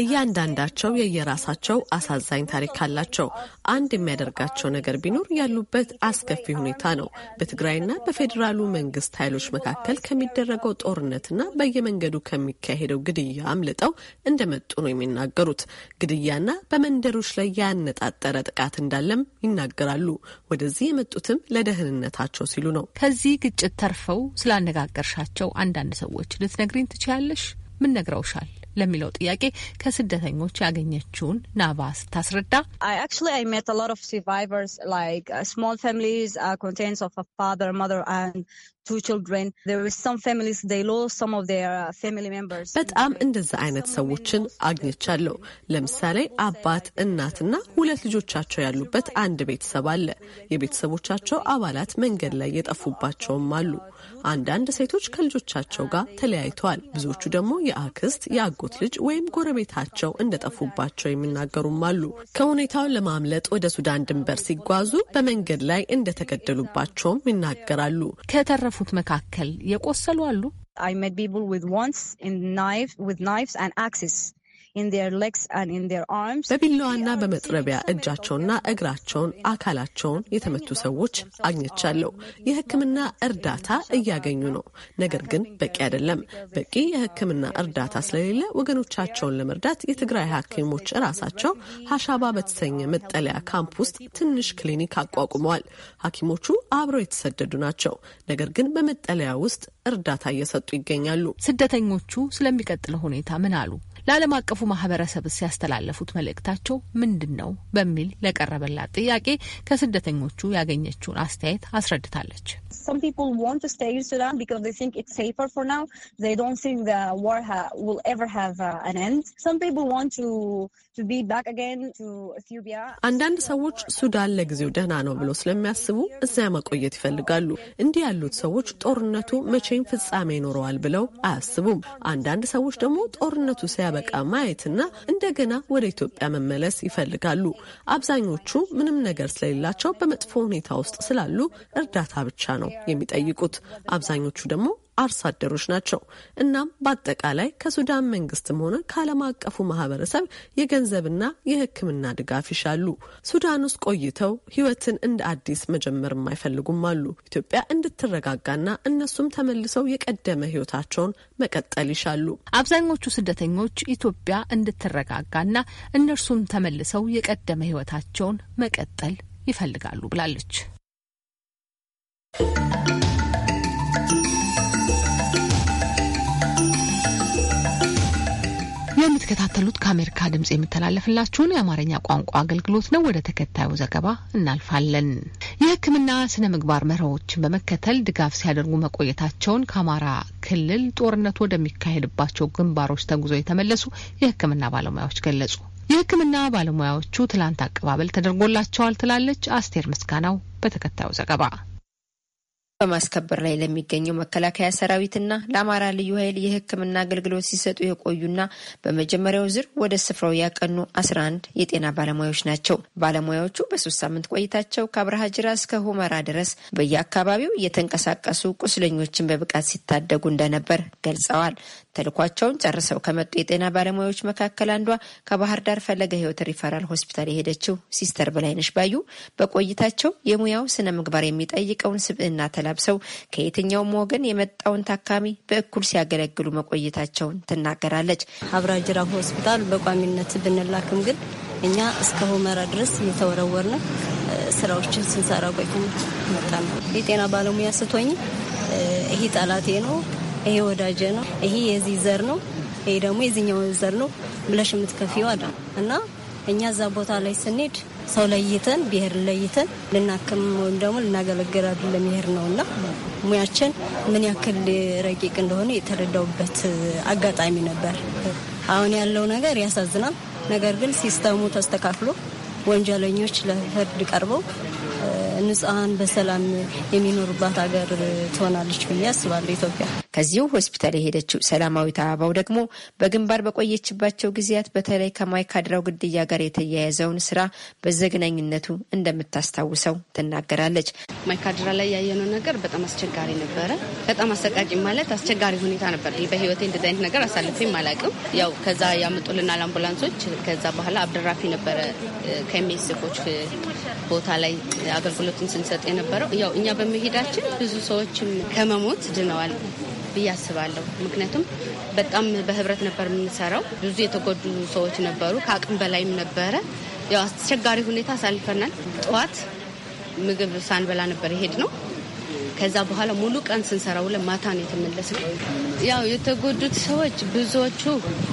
እያንዳንዳቸው የየራሳቸው አሳዛኝ ታሪክ አላቸው። አንድ የሚያደርጋቸው ነገር ቢኖር ያሉበት አስከፊ ሁኔታ ነው። በትግራይና በፌዴራሉ መንግስት ኃይሎች መካከል ከሚደረገው ጦርነትና በየመንገዱ ከሚካሄደው ግድያ አምልጠው እንደመጡ ነው የሚናገሩት። ግድያና በመንደሮች ላይ ያነጣጠረ ጥቃት እንዳለም ይናገራሉ። ወደዚህ የመጡትም ለደህንነታቸው ሲሉ ነው። ከዚህ ግጭት ተርፈው ስላነጋገርሻቸው አንዳንድ ሰዎች ሰዎች ልትነግሪኝ ትችያለሽ? ምን ነግረውሻል? ለሚለው ጥያቄ ከስደተኞች ያገኘችውን ናባ ስታስረዳ Uh, በጣም እንደዛ አይነት ሰዎችን አግኝቻለሁ። ለምሳሌ አባት፣ እናትና ሁለት ልጆቻቸው ያሉበት አንድ ቤተሰብ አለ። የቤተሰቦቻቸው አባላት መንገድ ላይ የጠፉባቸውም አሉ። አንዳንድ ሴቶች ከልጆቻቸው ጋር ተለያይተዋል። ብዙዎቹ ደግሞ የአክስት የአጎት ልጅ ወይም ጎረቤታቸው እንደጠፉባቸው የሚናገሩም አሉ። ከሁኔታው ለማምለጥ ወደ ሱዳን ድንበር ሲጓዙ በመንገድ ላይ እንደተገደሉባቸውም ይናገራሉ። ከተረፉ መካከል የቆሰሉ አሉ? I met people with wands in knife with knives and axes. በቢላዋና በመጥረቢያ እጃቸውና እግራቸውን፣ አካላቸውን የተመቱ ሰዎች አግኝቻለሁ። የሕክምና እርዳታ እያገኙ ነው። ነገር ግን በቂ አይደለም። በቂ የሕክምና እርዳታ ስለሌለ ወገኖቻቸውን ለመርዳት የትግራይ ሐኪሞች ራሳቸው ሀሻባ በተሰኘ መጠለያ ካምፕ ውስጥ ትንሽ ክሊኒክ አቋቁመዋል። ሐኪሞቹ አብረው የተሰደዱ ናቸው። ነገር ግን በመጠለያ ውስጥ እርዳታ እየሰጡ ይገኛሉ። ስደተኞቹ ስለሚቀጥለው ሁኔታ ምን አሉ? ለዓለም አቀፉ ማህበረሰብ ሲያስተላለፉት መልእክታቸው ምንድን ነው በሚል ለቀረበላት ጥያቄ ከስደተኞቹ ያገኘችውን አስተያየት አስረድታለች። አንዳንድ ሰዎች ሱዳን ለጊዜው ደህና ነው ብለው ስለሚያስቡ እዚያ መቆየት ይፈልጋሉ። እንዲህ ያሉት ሰዎች ጦርነቱ መቼም ፍጻሜ ይኖረዋል ብለው አያስቡም። አንዳንድ ሰዎች ደግሞ ጦርነቱ ሲያ ሲያበቃ ማየትና እንደገና ወደ ኢትዮጵያ መመለስ ይፈልጋሉ። አብዛኞቹ ምንም ነገር ስለሌላቸው በመጥፎ ሁኔታ ውስጥ ስላሉ እርዳታ ብቻ ነው የሚጠይቁት። አብዛኞቹ ደግሞ አርሶ አደሮች ናቸው። እናም በአጠቃላይ ከሱዳን መንግስትም ሆነ ከዓለም አቀፉ ማህበረሰብ የገንዘብና የሕክምና ድጋፍ ይሻሉ። ሱዳን ውስጥ ቆይተው ህይወትን እንደ አዲስ መጀመር የማይፈልጉም አሉ። ኢትዮጵያ እንድትረጋጋና እነሱም ተመልሰው የቀደመ ህይወታቸውን መቀጠል ይሻሉ። አብዛኞቹ ስደተኞች ኢትዮጵያ እንድትረጋጋና እነርሱም ተመልሰው የቀደመ ህይወታቸውን መቀጠል ይፈልጋሉ ብላለች። የምትከታተሉት ከአሜሪካ ድምጽ የሚተላለፍላችሁን የአማርኛ ቋንቋ አገልግሎት ነው። ወደ ተከታዩ ዘገባ እናልፋለን። የሕክምና ስነ ምግባር መርሆዎችን በመከተል ድጋፍ ሲያደርጉ መቆየታቸውን ከአማራ ክልል ጦርነቱ ወደሚካሄድባቸው ግንባሮች ተጉዞ የተመለሱ የሕክምና ባለሙያዎች ገለጹ። የሕክምና ባለሙያዎቹ ትላንት አቀባበል ተደርጎላቸዋል ትላለች አስቴር ምስጋናው በተከታዩ ዘገባ በማስከበር ላይ ለሚገኘው መከላከያ ሰራዊትና ለአማራ ልዩ ኃይል የሕክምና አገልግሎት ሲሰጡ የቆዩና በመጀመሪያው ዝር ወደ ስፍራው ያቀኑ 11 የጤና ባለሙያዎች ናቸው። ባለሙያዎቹ በሶስት ሳምንት ቆይታቸው ከአብርሃ ጅራ እስከ ሁመራ ድረስ በየአካባቢው እየተንቀሳቀሱ ቁስለኞችን በብቃት ሲታደጉ እንደነበር ገልጸዋል። ተልኳቸውን ጨርሰው ከመጡ የጤና ባለሙያዎች መካከል አንዷ ከባህር ዳር ፈለገ ህይወት ሪፈራል ሆስፒታል የሄደችው ሲስተር በላይነሽ ባዩ በቆይታቸው የሙያው ስነ ምግባር የሚጠይቀውን ስብዕና ተላብሰው ከየትኛውም ወገን የመጣውን ታካሚ በእኩል ሲያገለግሉ መቆየታቸውን ትናገራለች። አብራጅራ ሆስፒታል በቋሚነት ብንላክም ግን እኛ እስከ ሁመራ ድረስ እየተወረወርን ስራዎችን ስንሰራ ቆይተን መጣ ነው። የጤና ባለሙያ ስቶኝ ይሄ ጠላቴ ነው ይሄ ወዳጀ ነው፣ ይሄ የዚህ ዘር ነው፣ ይሄ ደግሞ የዚህኛው ዘር ነው ብለሽ የምትከፊው አለ እና እኛ እዛ ቦታ ላይ ስንሄድ ሰው ለይተን ብሄር ለይተን ልናክም ወይም ደግሞ ልናገለግል አይደለም ይሄድ ነው እና ሙያችን ምን ያክል ረቂቅ እንደሆነ የተረዳውበት አጋጣሚ ነበር። አሁን ያለው ነገር ያሳዝናል። ነገር ግን ሲስተሙ ተስተካክሎ ወንጀለኞች ለፍርድ ቀርበው ንጹሐን በሰላም የሚኖሩባት ሀገር ትሆናለች ብዬ አስባለሁ ኢትዮጵያ። ከዚሁ ሆስፒታል የሄደችው ሰላማዊት አበባው ደግሞ በግንባር በቆየችባቸው ጊዜያት በተለይ ከማይካድራው ግድያ ጋር የተያያዘውን ስራ በዘግናኝነቱ እንደምታስታውሰው ትናገራለች። ማይካድራ ላይ ያየነው ነገር በጣም አስቸጋሪ ነበረ። በጣም አሰቃቂ ማለት አስቸጋሪ ሁኔታ ነበር። በህይወቴ እንደዚህ አይነት ነገር አሳልፌም አላውቅም። ያው ከዛ ያመጡልናል አምቡላንሶች። ከዛ በኋላ አብደራፊ ነበረ ከሜስኮች ቦታ ላይ አገልግሎትን ስንሰጥ የነበረው ያው እኛ በመሄዳችን ብዙ ሰዎችም ከመሞት ድነዋል። ብዬ አስባለሁ። ምክንያቱም በጣም በህብረት ነበር የምንሰራው። ብዙ የተጎዱ ሰዎች ነበሩ፣ ከአቅም በላይም ነበረ። ያው አስቸጋሪ ሁኔታ አሳልፈናል። ጠዋት ምግብ ሳንበላ ነበር የሄድ ነው። ከዛ በኋላ ሙሉ ቀን ስንሰራ ውለን ማታ ነው የተመለስ ነው። ያው የተጎዱት ሰዎች ብዙዎቹ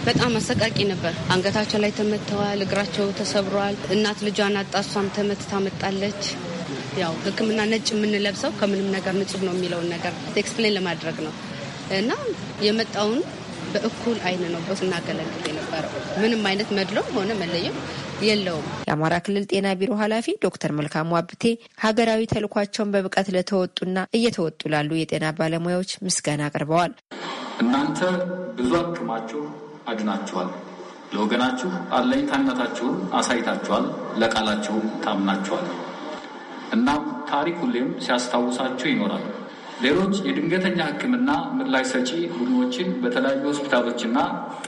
በጣም አሰቃቂ ነበር። አንገታቸው ላይ ተመተዋል፣ እግራቸው ተሰብሯል እናት ልጇን አጣ፣ እሷም ተመትታ መጣለች። ያው ሕክምና ነጭ የምንለብሰው ከምንም ነገር ንጹህ ነው የሚለውን ነገር ኤክስፕሌን ለማድረግ ነው። እና የመጣውን በእኩል አይን ነው ስናገለግል የነበረው። ምንም አይነት መድሎም ሆነ መለየም የለውም። የአማራ ክልል ጤና ቢሮ ኃላፊ ዶክተር መልካሙ አብቴ ሀገራዊ ተልኳቸውን በብቃት ለተወጡና እየተወጡ ላሉ የጤና ባለሙያዎች ምስጋና አቅርበዋል። እናንተ ብዙ አቅማችሁ አድናችኋል። ለወገናችሁ አለኝታነታችሁን አሳይታችኋል። ለቃላችሁም ታምናችኋል። እናም ታሪክ ሁሌም ሲያስታውሳችሁ ይኖራል። ሌሎች የድንገተኛ ሕክምና ምላሽ ሰጪ ቡድኖችን በተለያዩ ሆስፒታሎችና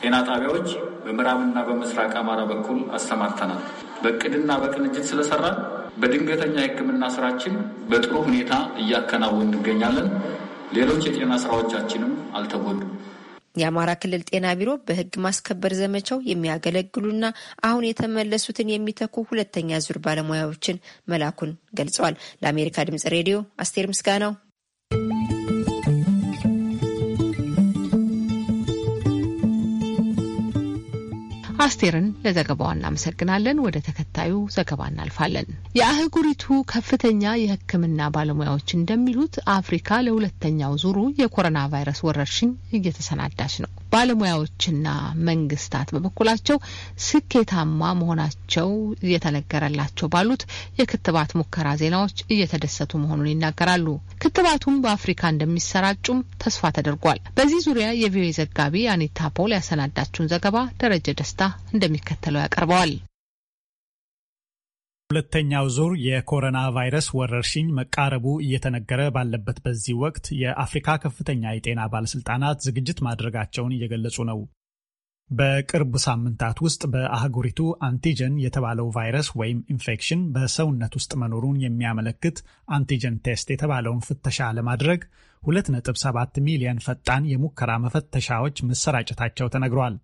ጤና ጣቢያዎች በምዕራብና በምስራቅ አማራ በኩል አሰማርተናል። በእቅድና በቅንጅት ስለሰራን በድንገተኛ የሕክምና ስራችን በጥሩ ሁኔታ እያከናወን እንገኛለን። ሌሎች የጤና ስራዎቻችንም አልተጎዱም። የአማራ ክልል ጤና ቢሮ በህግ ማስከበር ዘመቻው የሚያገለግሉና አሁን የተመለሱትን የሚተኩ ሁለተኛ ዙር ባለሙያዎችን መላኩን ገልጸዋል። ለአሜሪካ ድምጽ ሬዲዮ አስቴር ምስጋናው አስቴርን ለዘገባዋ እናመሰግናለን። ወደ ተከታዩ ዘገባ እናልፋለን። የአህጉሪቱ ከፍተኛ የሕክምና ባለሙያዎች እንደሚሉት አፍሪካ ለሁለተኛው ዙሩ የኮሮና ቫይረስ ወረርሽኝ እየተሰናዳች ነው። ባለሙያዎችና መንግስታት በበኩላቸው ስኬታማ መሆናቸው እየተነገረላቸው ባሉት የክትባት ሙከራ ዜናዎች እየተደሰቱ መሆኑን ይናገራሉ። ክትባቱም በአፍሪካ እንደሚሰራጩም ተስፋ ተደርጓል። በዚህ ዙሪያ የቪኦኤ ዘጋቢ አኒታ ፖል ያሰናዳችውን ዘገባ ደረጀ ደስታ እንደሚከተለው ያቀርበዋል። ሁለተኛው ዙር የኮሮና ቫይረስ ወረርሽኝ መቃረቡ እየተነገረ ባለበት በዚህ ወቅት የአፍሪካ ከፍተኛ የጤና ባለስልጣናት ዝግጅት ማድረጋቸውን እየገለጹ ነው። በቅርብ ሳምንታት ውስጥ በአህጉሪቱ አንቲጀን የተባለው ቫይረስ ወይም ኢንፌክሽን በሰውነት ውስጥ መኖሩን የሚያመለክት አንቲጀን ቴስት የተባለውን ፍተሻ ለማድረግ 2.7 ሚሊዮን ፈጣን የሙከራ መፈተሻዎች መሰራጨታቸው ተነግሯል።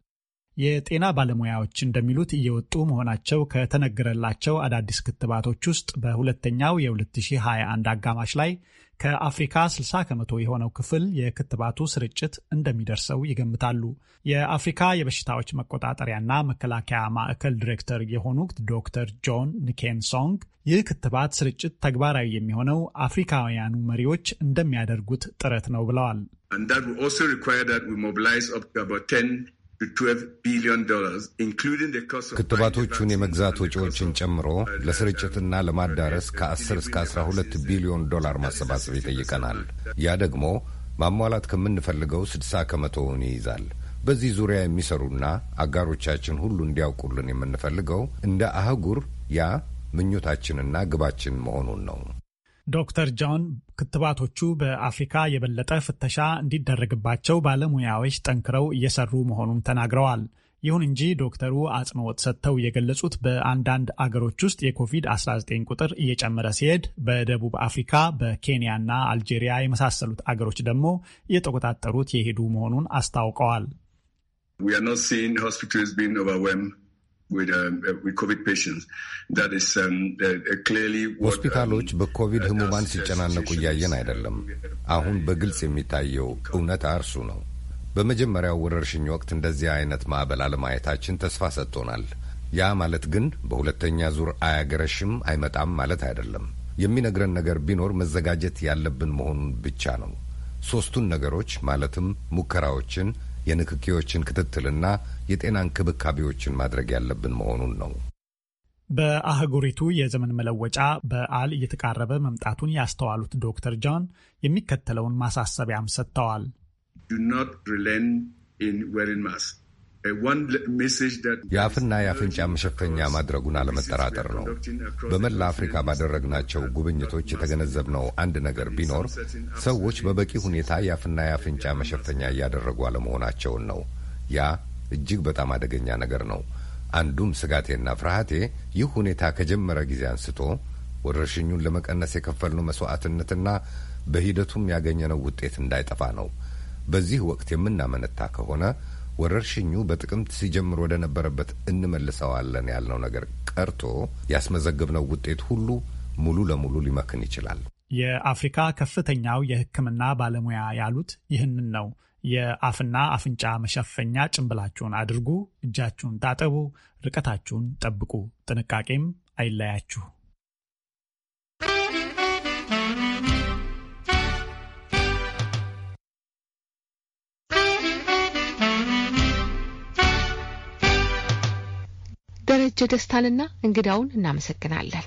የጤና ባለሙያዎች እንደሚሉት እየወጡ መሆናቸው ከተነገረላቸው አዳዲስ ክትባቶች ውስጥ በሁለተኛው የ2021 አጋማሽ ላይ ከአፍሪካ 60 ከመቶ የሆነው ክፍል የክትባቱ ስርጭት እንደሚደርሰው ይገምታሉ። የአፍሪካ የበሽታዎች መቆጣጠሪያና መከላከያ ማዕከል ዲሬክተር የሆኑት ዶክተር ጆን ኒኬንሶንግ ይህ ክትባት ስርጭት ተግባራዊ የሚሆነው አፍሪካውያኑ መሪዎች እንደሚያደርጉት ጥረት ነው ብለዋል። ክትባቶቹን የመግዛት ወጪዎችን ጨምሮ ለስርጭትና ለማዳረስ ከ10 እስከ 12 ቢሊዮን ዶላር ማሰባሰብ ይጠይቀናል። ያ ደግሞ ማሟላት ከምንፈልገው 60 ከመቶውን ይይዛል። በዚህ ዙሪያ የሚሰሩና አጋሮቻችን ሁሉ እንዲያውቁልን የምንፈልገው እንደ አህጉር ያ ምኞታችንና ግባችን መሆኑን ነው። ዶክተር ጆን ክትባቶቹ በአፍሪካ የበለጠ ፍተሻ እንዲደረግባቸው ባለሙያዎች ጠንክረው እየሰሩ መሆኑን ተናግረዋል። ይሁን እንጂ ዶክተሩ አጽንኦት ሰጥተው የገለጹት በአንዳንድ አገሮች ውስጥ የኮቪድ-19 ቁጥር እየጨመረ ሲሄድ በደቡብ አፍሪካ፣ በኬንያና አልጄሪያ የመሳሰሉት አገሮች ደግሞ እየተቆጣጠሩት የሄዱ መሆኑን አስታውቀዋል። We are not seeing hospitals being overwhelmed. ሆስፒታሎች በኮቪድ uh, ህሙማን uh, ሲጨናነቁ እያየን አይደለም። አሁን በግልጽ um, የሚታየው እውነት እርሱ ነው። በመጀመሪያው ወረርሽኝ ወቅት እንደዚህ አይነት ማዕበል አለማየታችን ተስፋ ሰጥቶናል። ያ ማለት ግን በሁለተኛ ዙር አያገረሽም፣ አይመጣም ማለት አይደለም። የሚነግረን ነገር ቢኖር መዘጋጀት ያለብን መሆኑን ብቻ ነው። ሶስቱን ነገሮች ማለትም ሙከራዎችን የንክኪዎችን ክትትልና የጤና እንክብካቤዎችን ማድረግ ያለብን መሆኑን ነው። በአህጉሪቱ የዘመን መለወጫ በዓል እየተቃረበ መምጣቱን ያስተዋሉት ዶክተር ጆን የሚከተለውን ማሳሰቢያም ሰጥተዋል። የአፍና የአፍንጫ መሸፈኛ ማድረጉን አለመጠራጠር ነው። በመላ አፍሪካ ባደረግናቸው ጉብኝቶች የተገነዘብነው አንድ ነገር ቢኖር ሰዎች በበቂ ሁኔታ የአፍና የአፍንጫ መሸፈኛ እያደረጉ አለመሆናቸውን ነው። ያ እጅግ በጣም አደገኛ ነገር ነው። አንዱም ስጋቴና ፍርሃቴ ይህ ሁኔታ ከጀመረ ጊዜ አንስቶ ወረርሽኙን ለመቀነስ የከፈልነው መስዋዕትነትና በሂደቱም ያገኘነው ውጤት እንዳይጠፋ ነው። በዚህ ወቅት የምናመነታ ከሆነ ወረርሽኙ በጥቅምት ሲጀምር ወደ ነበረበት እንመልሰዋለን ያልነው ነገር ቀርቶ ያስመዘግብነው ውጤት ሁሉ ሙሉ ለሙሉ ሊመክን ይችላል። የአፍሪካ ከፍተኛው የሕክምና ባለሙያ ያሉት ይህንን ነው። የአፍና አፍንጫ መሸፈኛ ጭንብላችሁን አድርጉ፣ እጃችሁን ታጠቡ፣ ርቀታችሁን ጠብቁ፣ ጥንቃቄም አይለያችሁ። ደረጀ ደስታንና እንግዳውን እናመሰግናለን።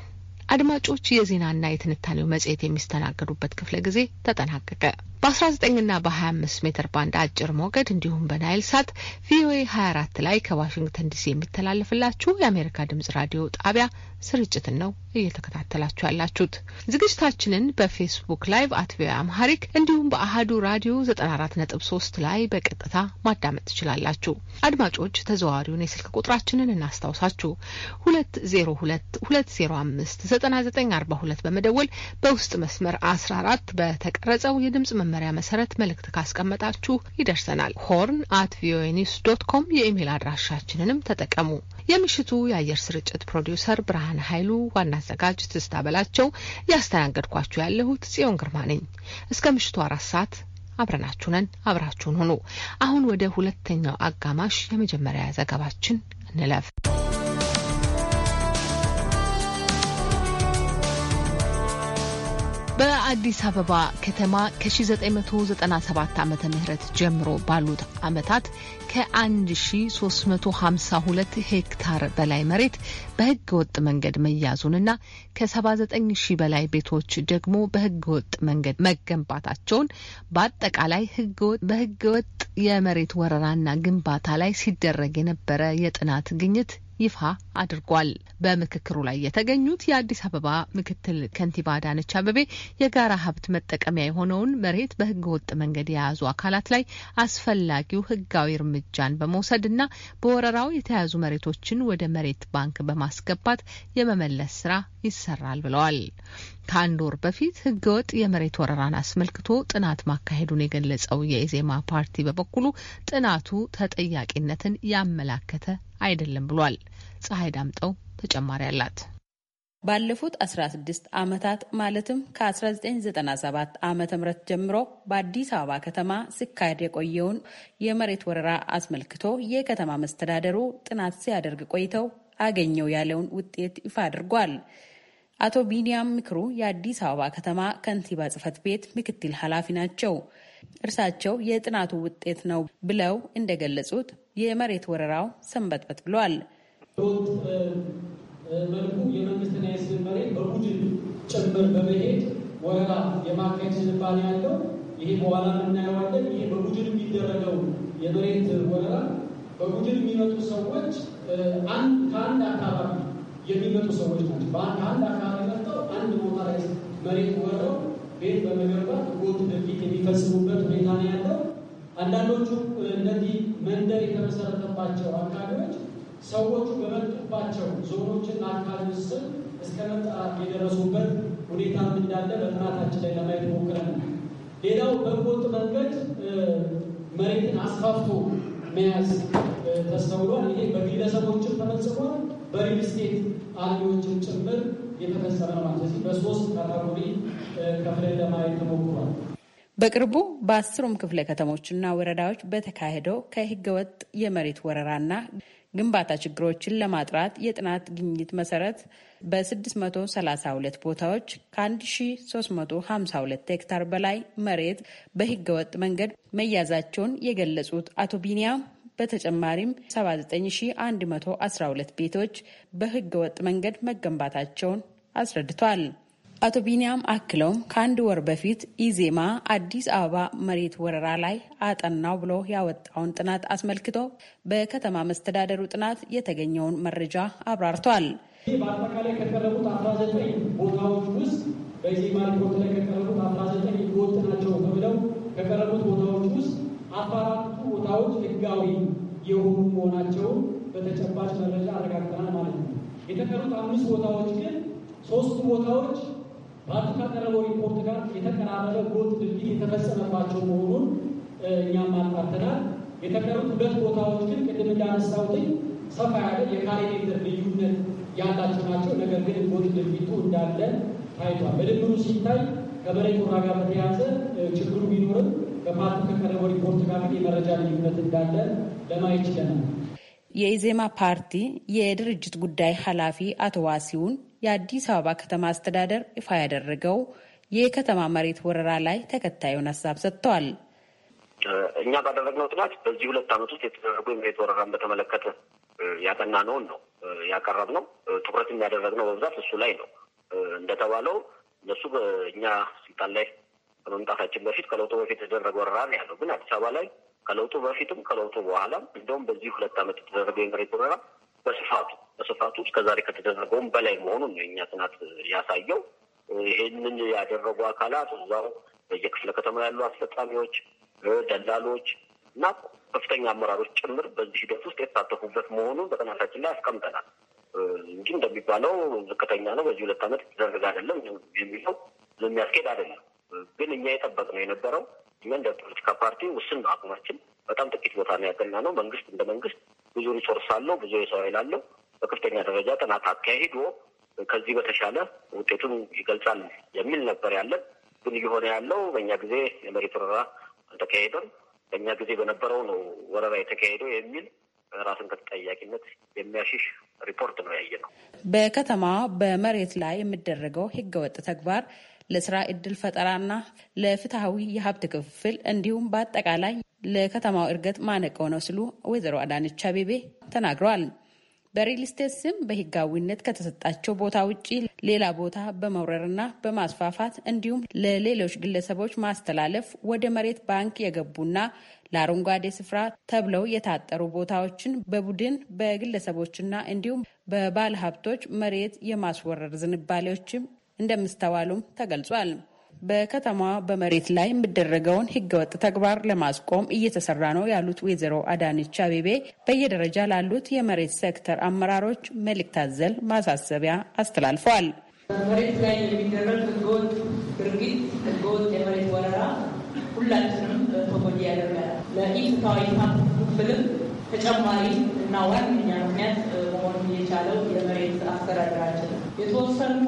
አድማጮች የዜናና የትንታኔው መጽሔት የሚስተናገዱበት ክፍለ ጊዜ ተጠናቀቀ። በ19ና በ25 ሜትር ባንድ አጭር ሞገድ እንዲሁም በናይል ሳት ቪኦኤ 24 ላይ ከዋሽንግተን ዲሲ የሚተላለፍላችሁ የአሜሪካ ድምጽ ራዲዮ ጣቢያ ስርጭትን ነው እየተከታተላችሁ ያላችሁት። ዝግጅታችንን በፌስቡክ ላይቭ አት ቪኦኤ አምሃሪክ እንዲሁም በአህዱ ራዲዮ 94.3 ላይ በቀጥታ ማዳመጥ ትችላላችሁ። አድማጮች ተዘዋዋሪውን የስልክ ቁጥራችንን እናስታውሳችሁ 202 205 9942 በመደወል በውስጥ መስመር 14 በተቀረጸው የድምጽ መመሪያ መሰረት መልእክት ካስቀመጣችሁ ይደርሰናል። ሆርን አት ቪኦኤ ኒውስ ዶት ኮም የኢሜይል አድራሻችንንም ተጠቀሙ። የምሽቱ የአየር ስርጭት ፕሮዲውሰር ብርሃን ኃይሉ፣ ዋና አዘጋጅ ትስታ በላቸው፣ እያስተናገድኳችሁ ያለሁት ጽዮን ግርማ ነኝ። እስከ ምሽቱ አራት ሰዓት አብረናችሁ ነን። አብራችሁን ሁኑ። አሁን ወደ ሁለተኛው አጋማሽ የመጀመሪያ ዘገባችን እንለፍ። በአዲስ አበባ ከተማ ከ1997 ዓ ም ጀምሮ ባሉት ዓመታት ከ1352 ሄክታር በላይ መሬት በሕገ ወጥ መንገድ መያዙንና ከ79000 በላይ ቤቶች ደግሞ በሕገ ወጥ መንገድ መገንባታቸውን በአጠቃላይ በሕገ ወጥ የመሬት ወረራና ግንባታ ላይ ሲደረግ የነበረ የጥናት ግኝት ይፋ አድርጓል። በምክክሩ ላይ የተገኙት የአዲስ አበባ ምክትል ከንቲባ አዳነች አበቤ የጋራ ሀብት መጠቀሚያ የሆነውን መሬት በህገ ወጥ መንገድ የያዙ አካላት ላይ አስፈላጊው ህጋዊ እርምጃን በመውሰድና በወረራው የተያዙ መሬቶችን ወደ መሬት ባንክ በማስገባት የመመለስ ስራ ይሰራል ብለዋል። ከአንድ ወር በፊት ህገወጥ የመሬት ወረራን አስመልክቶ ጥናት ማካሄዱን የገለጸው የኢዜማ ፓርቲ በበኩሉ ጥናቱ ተጠያቂነትን ያመላከተ አይደለም ብሏል። ፀሐይ ዳምጠው ተጨማሪ አላት። ባለፉት 16 ዓመታት ማለትም ከ1997 ዓ ም ጀምሮ በአዲስ አበባ ከተማ ሲካሄድ የቆየውን የመሬት ወረራ አስመልክቶ የከተማ መስተዳደሩ ጥናት ሲያደርግ ቆይተው አገኘው ያለውን ውጤት ይፋ አድርጓል። አቶ ቢኒያም ምክሩ የአዲስ አበባ ከተማ ከንቲባ ጽህፈት ቤት ምክትል ኃላፊ ናቸው። እርሳቸው የጥናቱ ውጤት ነው ብለው እንደገለጹት የመሬት ወረራው ሰንበጥበት ብሏል። መልኩ የመንግስትና የስብ መሬት በቡድን ጭምር በመሄድ ወረራ የማካሄድ ዝንባሌ ያለው ይሄ በኋላ እናየዋለን። ይሄ በቡድን የሚደረገው የመሬት ወረራ በቡድን የሚመጡ ሰዎች ከአንድ አካባቢ የሚመጡ ሰዎች ናቸው። በአንድ አንድ አካባቢ መጥተው አንድ ቦታ ላይ መሬት ወርደው ቤት በመገንባት ጎት ድርጊት የሚፈጽሙበት ሁኔታ ነው ያለው። አንዳንዶቹ እነዚህ መንደር የተመሰረተባቸው አካባቢዎች ሰዎቹ በመጡባቸው ዞኖችና አካባቢ ስም እስከ መጠራት የደረሱበት ሁኔታም እንዳለ በጥናታችን ላይ ለማየት ሞክረን፣ ሌላው በህገወጥ መንገድ መሬትን አስፋፍቶ መያዝ ተስተውሏል። ይሄ በግለሰቦችም ተፈጽሟል። በሪል ስቴት አጥኚዎችም ጭምር የተፈጸመ ነው። ስለዚህ በሶስት ካታጎሪ ከፍለን ለማየት ተሞክሯል። በቅርቡ በአስሩም ክፍለ ከተሞችና ወረዳዎች በተካሄደው ከህገወጥ የመሬት ወረራና ግንባታ ችግሮችን ለማጥራት የጥናት ግኝት መሰረት በ632 ቦታዎች ከ1352 ሄክታር በላይ መሬት በህገወጥ መንገድ መያዛቸውን የገለጹት አቶ ቢኒያም በተጨማሪም 79112 ቤቶች በህገ ወጥ መንገድ መገንባታቸውን አስረድቷል። አቶ ቢንያም አክለውም ከአንድ ወር በፊት ኢዜማ አዲስ አበባ መሬት ወረራ ላይ አጠናው ብሎ ያወጣውን ጥናት አስመልክቶ በከተማ መስተዳደሩ ጥናት የተገኘውን መረጃ አብራርቷል። በአጠቃላይ ከቀረቡት 19 ቦታዎች ውስጥ በኢዜማ ሪፖርት ላይ ከቀረቡት 19 ህገወጥ ናቸው ተብለው ከቀረቡት ቦታዎች ውስጥ አስራ አራቱ ቦታዎች ህጋዊ የሆኑ መሆናቸውን በተጨባጭ መረጃ አረጋግጠናል ማለት ነው። የተቀሩት አምስት ቦታዎች ግን ሶስቱ ቦታዎች በአቶ ሪፖርት ጋር የተቀራረበ ጎጥ ድልድይ የተፈጸመባቸው መሆኑን እኛም አጣርተናል። የተቀሩት ሁለት ቦታዎች ግን ቅድም እንዳነሳሁትኝ ሰፋ ያለ የካሬ ልዩነት ያላቸው ናቸው። ነገር ግን ጎጥ ድልጊቱ እንዳለ ታይቷል። በድምሩ ሲታይ ከመሬት ወራ ጋር በተያያዘ ችግሩ ቢኖርም በፓርቱ ከቀረበው ሪፖርት ጋር ግን የመረጃ ልዩነት እንዳለ ለማየት ችለናል። የኢዜማ ፓርቲ የድርጅት ጉዳይ ኃላፊ አቶ ዋሲውን የአዲስ አበባ ከተማ አስተዳደር ይፋ ያደረገው የከተማ መሬት ወረራ ላይ ተከታዩን ሀሳብ ሰጥተዋል። እኛ ባደረግነው ጥናት በዚህ ሁለት ዓመት ውስጥ የተደረጉ የመሬት ወረራን በተመለከተ ያጠናነውን ነው ያቀረብነው። ትኩረት የሚያደረግነው በብዛት እሱ ላይ ነው። እንደተባለው እነሱ በእኛ ስልጣን ላይ ከመምጣታችን በፊት ከለውጡ በፊት የተደረገ ወረራ ነው ያለው። ግን አዲስ አበባ ላይ ከለውጡ በፊትም ከለውጡ በኋላም እንደውም በዚህ ሁለት ዓመት የተደረገው የመሬት ወረራ በስፋቱ በስፋቱ እስከዛሬ ከተደረገውም በላይ መሆኑን ነው የእኛ ጥናት ያሳየው። ይህንን ያደረጉ አካላት እዛው በየክፍለ ከተማ ያሉ አስፈጻሚዎች፣ ደላሎች እና ከፍተኛ አመራሮች ጭምር በዚህ ሂደት ውስጥ የተሳተፉበት መሆኑን በጥናታችን ላይ አስቀምጠናል እንጂ እንደሚባለው ዝቅተኛ ነው፣ በዚህ ሁለት ዓመት የተደረገ አይደለም የሚለው የሚያስኬድ አይደለም። ግን እኛ የጠበቅነው የነበረው እኛ እንደ ፖለቲካ ፓርቲ ውስን አቅማችን በጣም ጥቂት ቦታ ነው ያገና ነው። መንግስት እንደ መንግስት ብዙ ሪሶርስ አለው፣ ብዙ የሰው ኃይል አለው። በከፍተኛ ደረጃ ጥናት አካሂዶ ከዚህ በተሻለ ውጤቱን ይገልጻል የሚል ነበር ያለን። ግን እየሆነ ያለው በእኛ ጊዜ የመሬት ወረራ አልተካሄደም፣ በእኛ ጊዜ በነበረው ነው ወረራ የተካሄደው የሚል ራስን ከተጠያቂነት የሚያሽሽ ሪፖርት ነው ያየ ነው። በከተማ በመሬት ላይ የሚደረገው ህገወጥ ተግባር ለስራ እድል ፈጠራና ለፍትሐዊ የሀብት ክፍፍል እንዲሁም በአጠቃላይ ለከተማው እድገት ማነቀው ነው ሲሉ ወይዘሮ አዳነች አቤቤ ተናግረዋል። በሪል ስቴት ስም በህጋዊነት ከተሰጣቸው ቦታ ውጪ ሌላ ቦታ በመውረርና በማስፋፋት እንዲሁም ለሌሎች ግለሰቦች ማስተላለፍ ወደ መሬት ባንክ የገቡና ለአረንጓዴ ስፍራ ተብለው የታጠሩ ቦታዎችን በቡድን በግለሰቦችና እንዲሁም በባለሀብቶች መሬት የማስወረር ዝንባሌዎችም እንደምስተዋሉም ተገልጿል። በከተማዋ በመሬት ላይ የሚደረገውን ህገወጥ ተግባር ለማስቆም እየተሰራ ነው ያሉት ወይዘሮ አዳነች አቤቤ በየደረጃ ላሉት የመሬት ሴክተር አመራሮች መልእክት አዘል ማሳሰቢያ አስተላልፈዋል። መሬት ላይ የሚደረግ ህገወጥ ድርጊት፣ ህገወጥ የመሬት ወረራ ሁላችንም ተጎጂ ያደርጋል። ለኢፍትሐዊ ክፍልም ተጨማሪ እና ዋነኛ ምክንያት መሆኑን የቻለው የመሬት አስተዳደራችን የተወሰኑ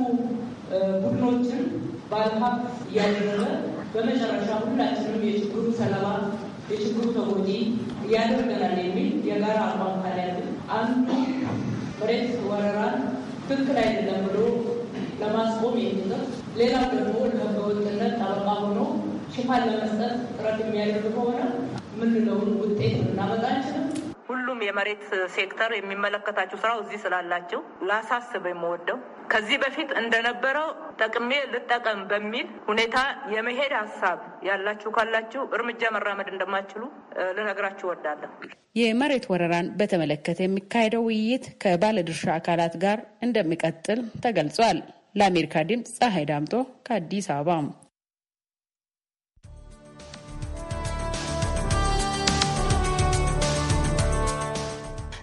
ቡድኖችን ባለሀብት እያደረገ በመጨረሻ ሁላችንም የችግሩ ሰለባ የችግሩ ተጎጂ እያደርገናል የሚል የጋራ አቋም ካለያለ አንዱ መሬት ወረራን ትክክል አይደለም ብሎ ለማስቆም የሚጥር ሌላ ደግሞ ለህገወጥነት ጠበቃ ሆኖ ሽፋን ለመስጠት ጥረት የሚያደርግ ከሆነ ምንለውን ውጤት ልናመጣ አንችልም። ሁሉም የመሬት ሴክተር የሚመለከታችሁ ስራው እዚህ ስላላችሁ ላሳስብ የምወደው ከዚህ በፊት እንደነበረው ጠቅሜ ልጠቀም በሚል ሁኔታ የመሄድ ሀሳብ ያላችሁ ካላችሁ እርምጃ መራመድ እንደማችሉ ልነግራችሁ እወዳለሁ። የመሬት ወረራን በተመለከተ የሚካሄደው ውይይት ከባለድርሻ አካላት ጋር እንደሚቀጥል ተገልጿል። ለአሜሪካ ድምፅ ፀሐይ ዳምጦ ከአዲስ አበባ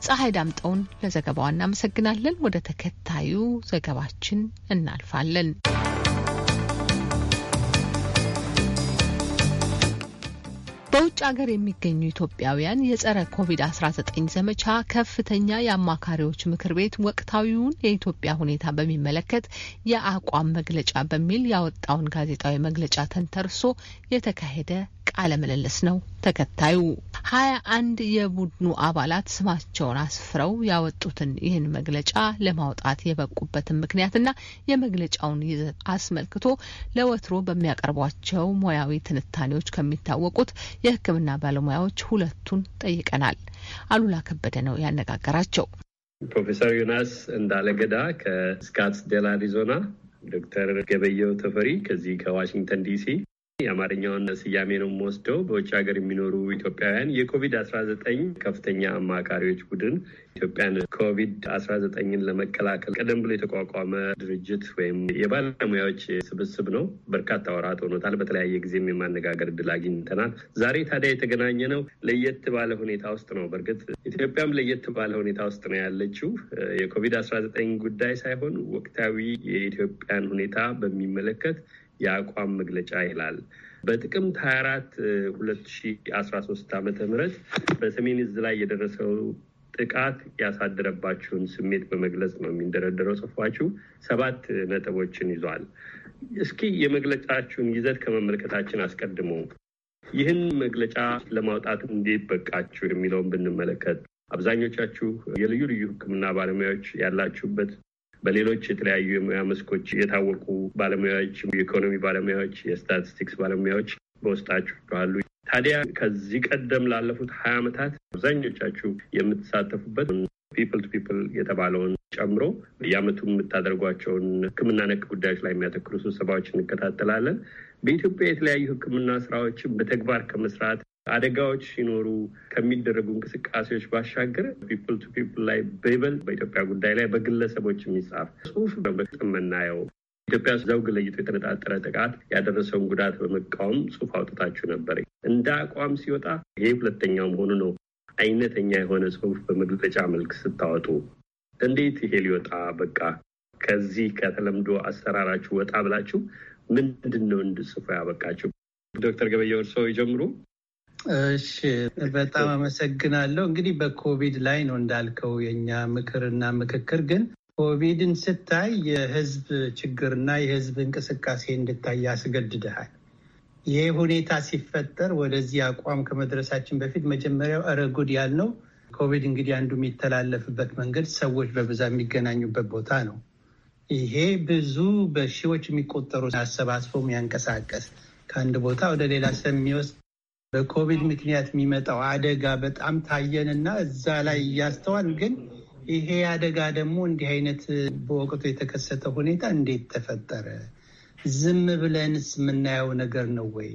ፀሐይ ዳምጠውን ለዘገባዋ እናመሰግናለን። ወደ ተከታዩ ዘገባችን እናልፋለን። በውጭ ሀገር የሚገኙ ኢትዮጵያውያን የጸረ ኮቪድ-19 ዘመቻ ከፍተኛ የአማካሪዎች ምክር ቤት ወቅታዊውን የኢትዮጵያ ሁኔታ በሚመለከት የአቋም መግለጫ በሚል ያወጣውን ጋዜጣዊ መግለጫ ተንተርሶ የተካሄደ ቃለ ምልልስ ነው ተከታዩ። ሀያ አንድ የቡድኑ አባላት ስማቸውን አስፍረው ያወጡትን ይህን መግለጫ ለማውጣት የበቁበትን ምክንያትና የመግለጫውን ይዘት አስመልክቶ ለወትሮ በሚያቀርቧቸው ሙያዊ ትንታኔዎች ከሚታወቁት የሕክምና ባለሙያዎች ሁለቱን ጠይቀናል። አሉላ ከበደ ነው ያነጋገራቸው። ፕሮፌሰር ዮናስ እንዳለገዳ ከስካትስዴል አሪዞና፣ ዶክተር ገበየው ተፈሪ ከዚህ ከዋሽንግተን ዲሲ የአማርኛውን ስያሜ ነው የምወስደው። በውጭ ሀገር የሚኖሩ ኢትዮጵያውያን የኮቪድ-19 ከፍተኛ አማካሪዎች ቡድን ኢትዮጵያን ኮቪድ-19ን ለመከላከል ቀደም ብሎ የተቋቋመ ድርጅት ወይም የባለሙያዎች ስብስብ ነው። በርካታ ወራት ሆኖታል። በተለያየ ጊዜም የማነጋገር እድል አግኝተናል። ዛሬ ታዲያ የተገናኘ ነው ለየት ባለ ሁኔታ ውስጥ ነው። በእርግጥ ኢትዮጵያም ለየት ባለ ሁኔታ ውስጥ ነው ያለችው። የኮቪድ-19 ጉዳይ ሳይሆን ወቅታዊ የኢትዮጵያን ሁኔታ በሚመለከት የአቋም መግለጫ ይላል። በጥቅምት 24 2013 ዓ ም በሰሜን እዝ ላይ የደረሰው ጥቃት ያሳደረባችሁን ስሜት በመግለጽ ነው የሚንደረደረው ጽሑፋችሁ። ሰባት ነጥቦችን ይዟል። እስኪ የመግለጫችሁን ይዘት ከመመልከታችን አስቀድሞ ይህን መግለጫ ለማውጣት እንዴት በቃችሁ የሚለውን ብንመለከት አብዛኞቻችሁ የልዩ ልዩ ሕክምና ባለሙያዎች ያላችሁበት በሌሎች የተለያዩ የሙያ መስኮች የታወቁ ባለሙያዎች፣ የኢኮኖሚ ባለሙያዎች፣ የስታቲስቲክስ ባለሙያዎች በውስጣችሁ አሉ። ታዲያ ከዚህ ቀደም ላለፉት ሀያ ዓመታት አብዛኞቻችሁ የምትሳተፉበት ፒፕል ቱ ፒፕል የተባለውን ጨምሮ የአመቱ የምታደርጓቸውን ሕክምና ነክ ጉዳዮች ላይ የሚያተክሩ ስብሰባዎች እንከታተላለን። በኢትዮጵያ የተለያዩ ሕክምና ስራዎችን በተግባር ከመስራት አደጋዎች ሲኖሩ ከሚደረጉ እንቅስቃሴዎች ባሻገር ፒፕል ቱ ፒፕል ላይ በይበል በኢትዮጵያ ጉዳይ ላይ በግለሰቦች የሚጻፍ ጽሁፍ በበጥ የምናየው ኢትዮጵያ ዘውግ ለይቶ የተነጣጠረ ጥቃት ያደረሰውን ጉዳት በመቃወም ጽሁፍ አውጥታችሁ ነበር። እንደ አቋም ሲወጣ ይሄ ሁለተኛው መሆኑ ነው። አይነተኛ የሆነ ጽሁፍ በመግለጫ መልክ ስታወጡ እንዴት ይሄ ሊወጣ በቃ ከዚህ ከተለምዶ አሰራራችሁ ወጣ ብላችሁ ምንድን ነው እንድጽፉ ያበቃችሁ? ዶክተር ገበየ እርሶ ይጀምሩ። እሺ በጣም አመሰግናለሁ። እንግዲህ በኮቪድ ላይ ነው እንዳልከው የእኛ ምክርና ምክክር ግን ኮቪድን ስታይ የህዝብ ችግርና የህዝብ እንቅስቃሴ እንድታይ ያስገድድሃል። ይሄ ሁኔታ ሲፈጠር ወደዚህ አቋም ከመድረሳችን በፊት መጀመሪያው እረጉድ ያልነው ኮቪድ እንግዲህ አንዱ የሚተላለፍበት መንገድ ሰዎች በብዛት የሚገናኙበት ቦታ ነው። ይሄ ብዙ በሺዎች የሚቆጠሩ አሰባስቦ የሚያንቀሳቀስ ከአንድ ቦታ ወደ ሌላ ስለሚወስድ በኮቪድ ምክንያት የሚመጣው አደጋ በጣም ታየን እና እዛ ላይ እያስተዋል ግን ይሄ አደጋ ደግሞ እንዲህ አይነት በወቅቱ የተከሰተ ሁኔታ እንዴት ተፈጠረ? ዝም ብለንስ የምናየው ነገር ነው ወይ?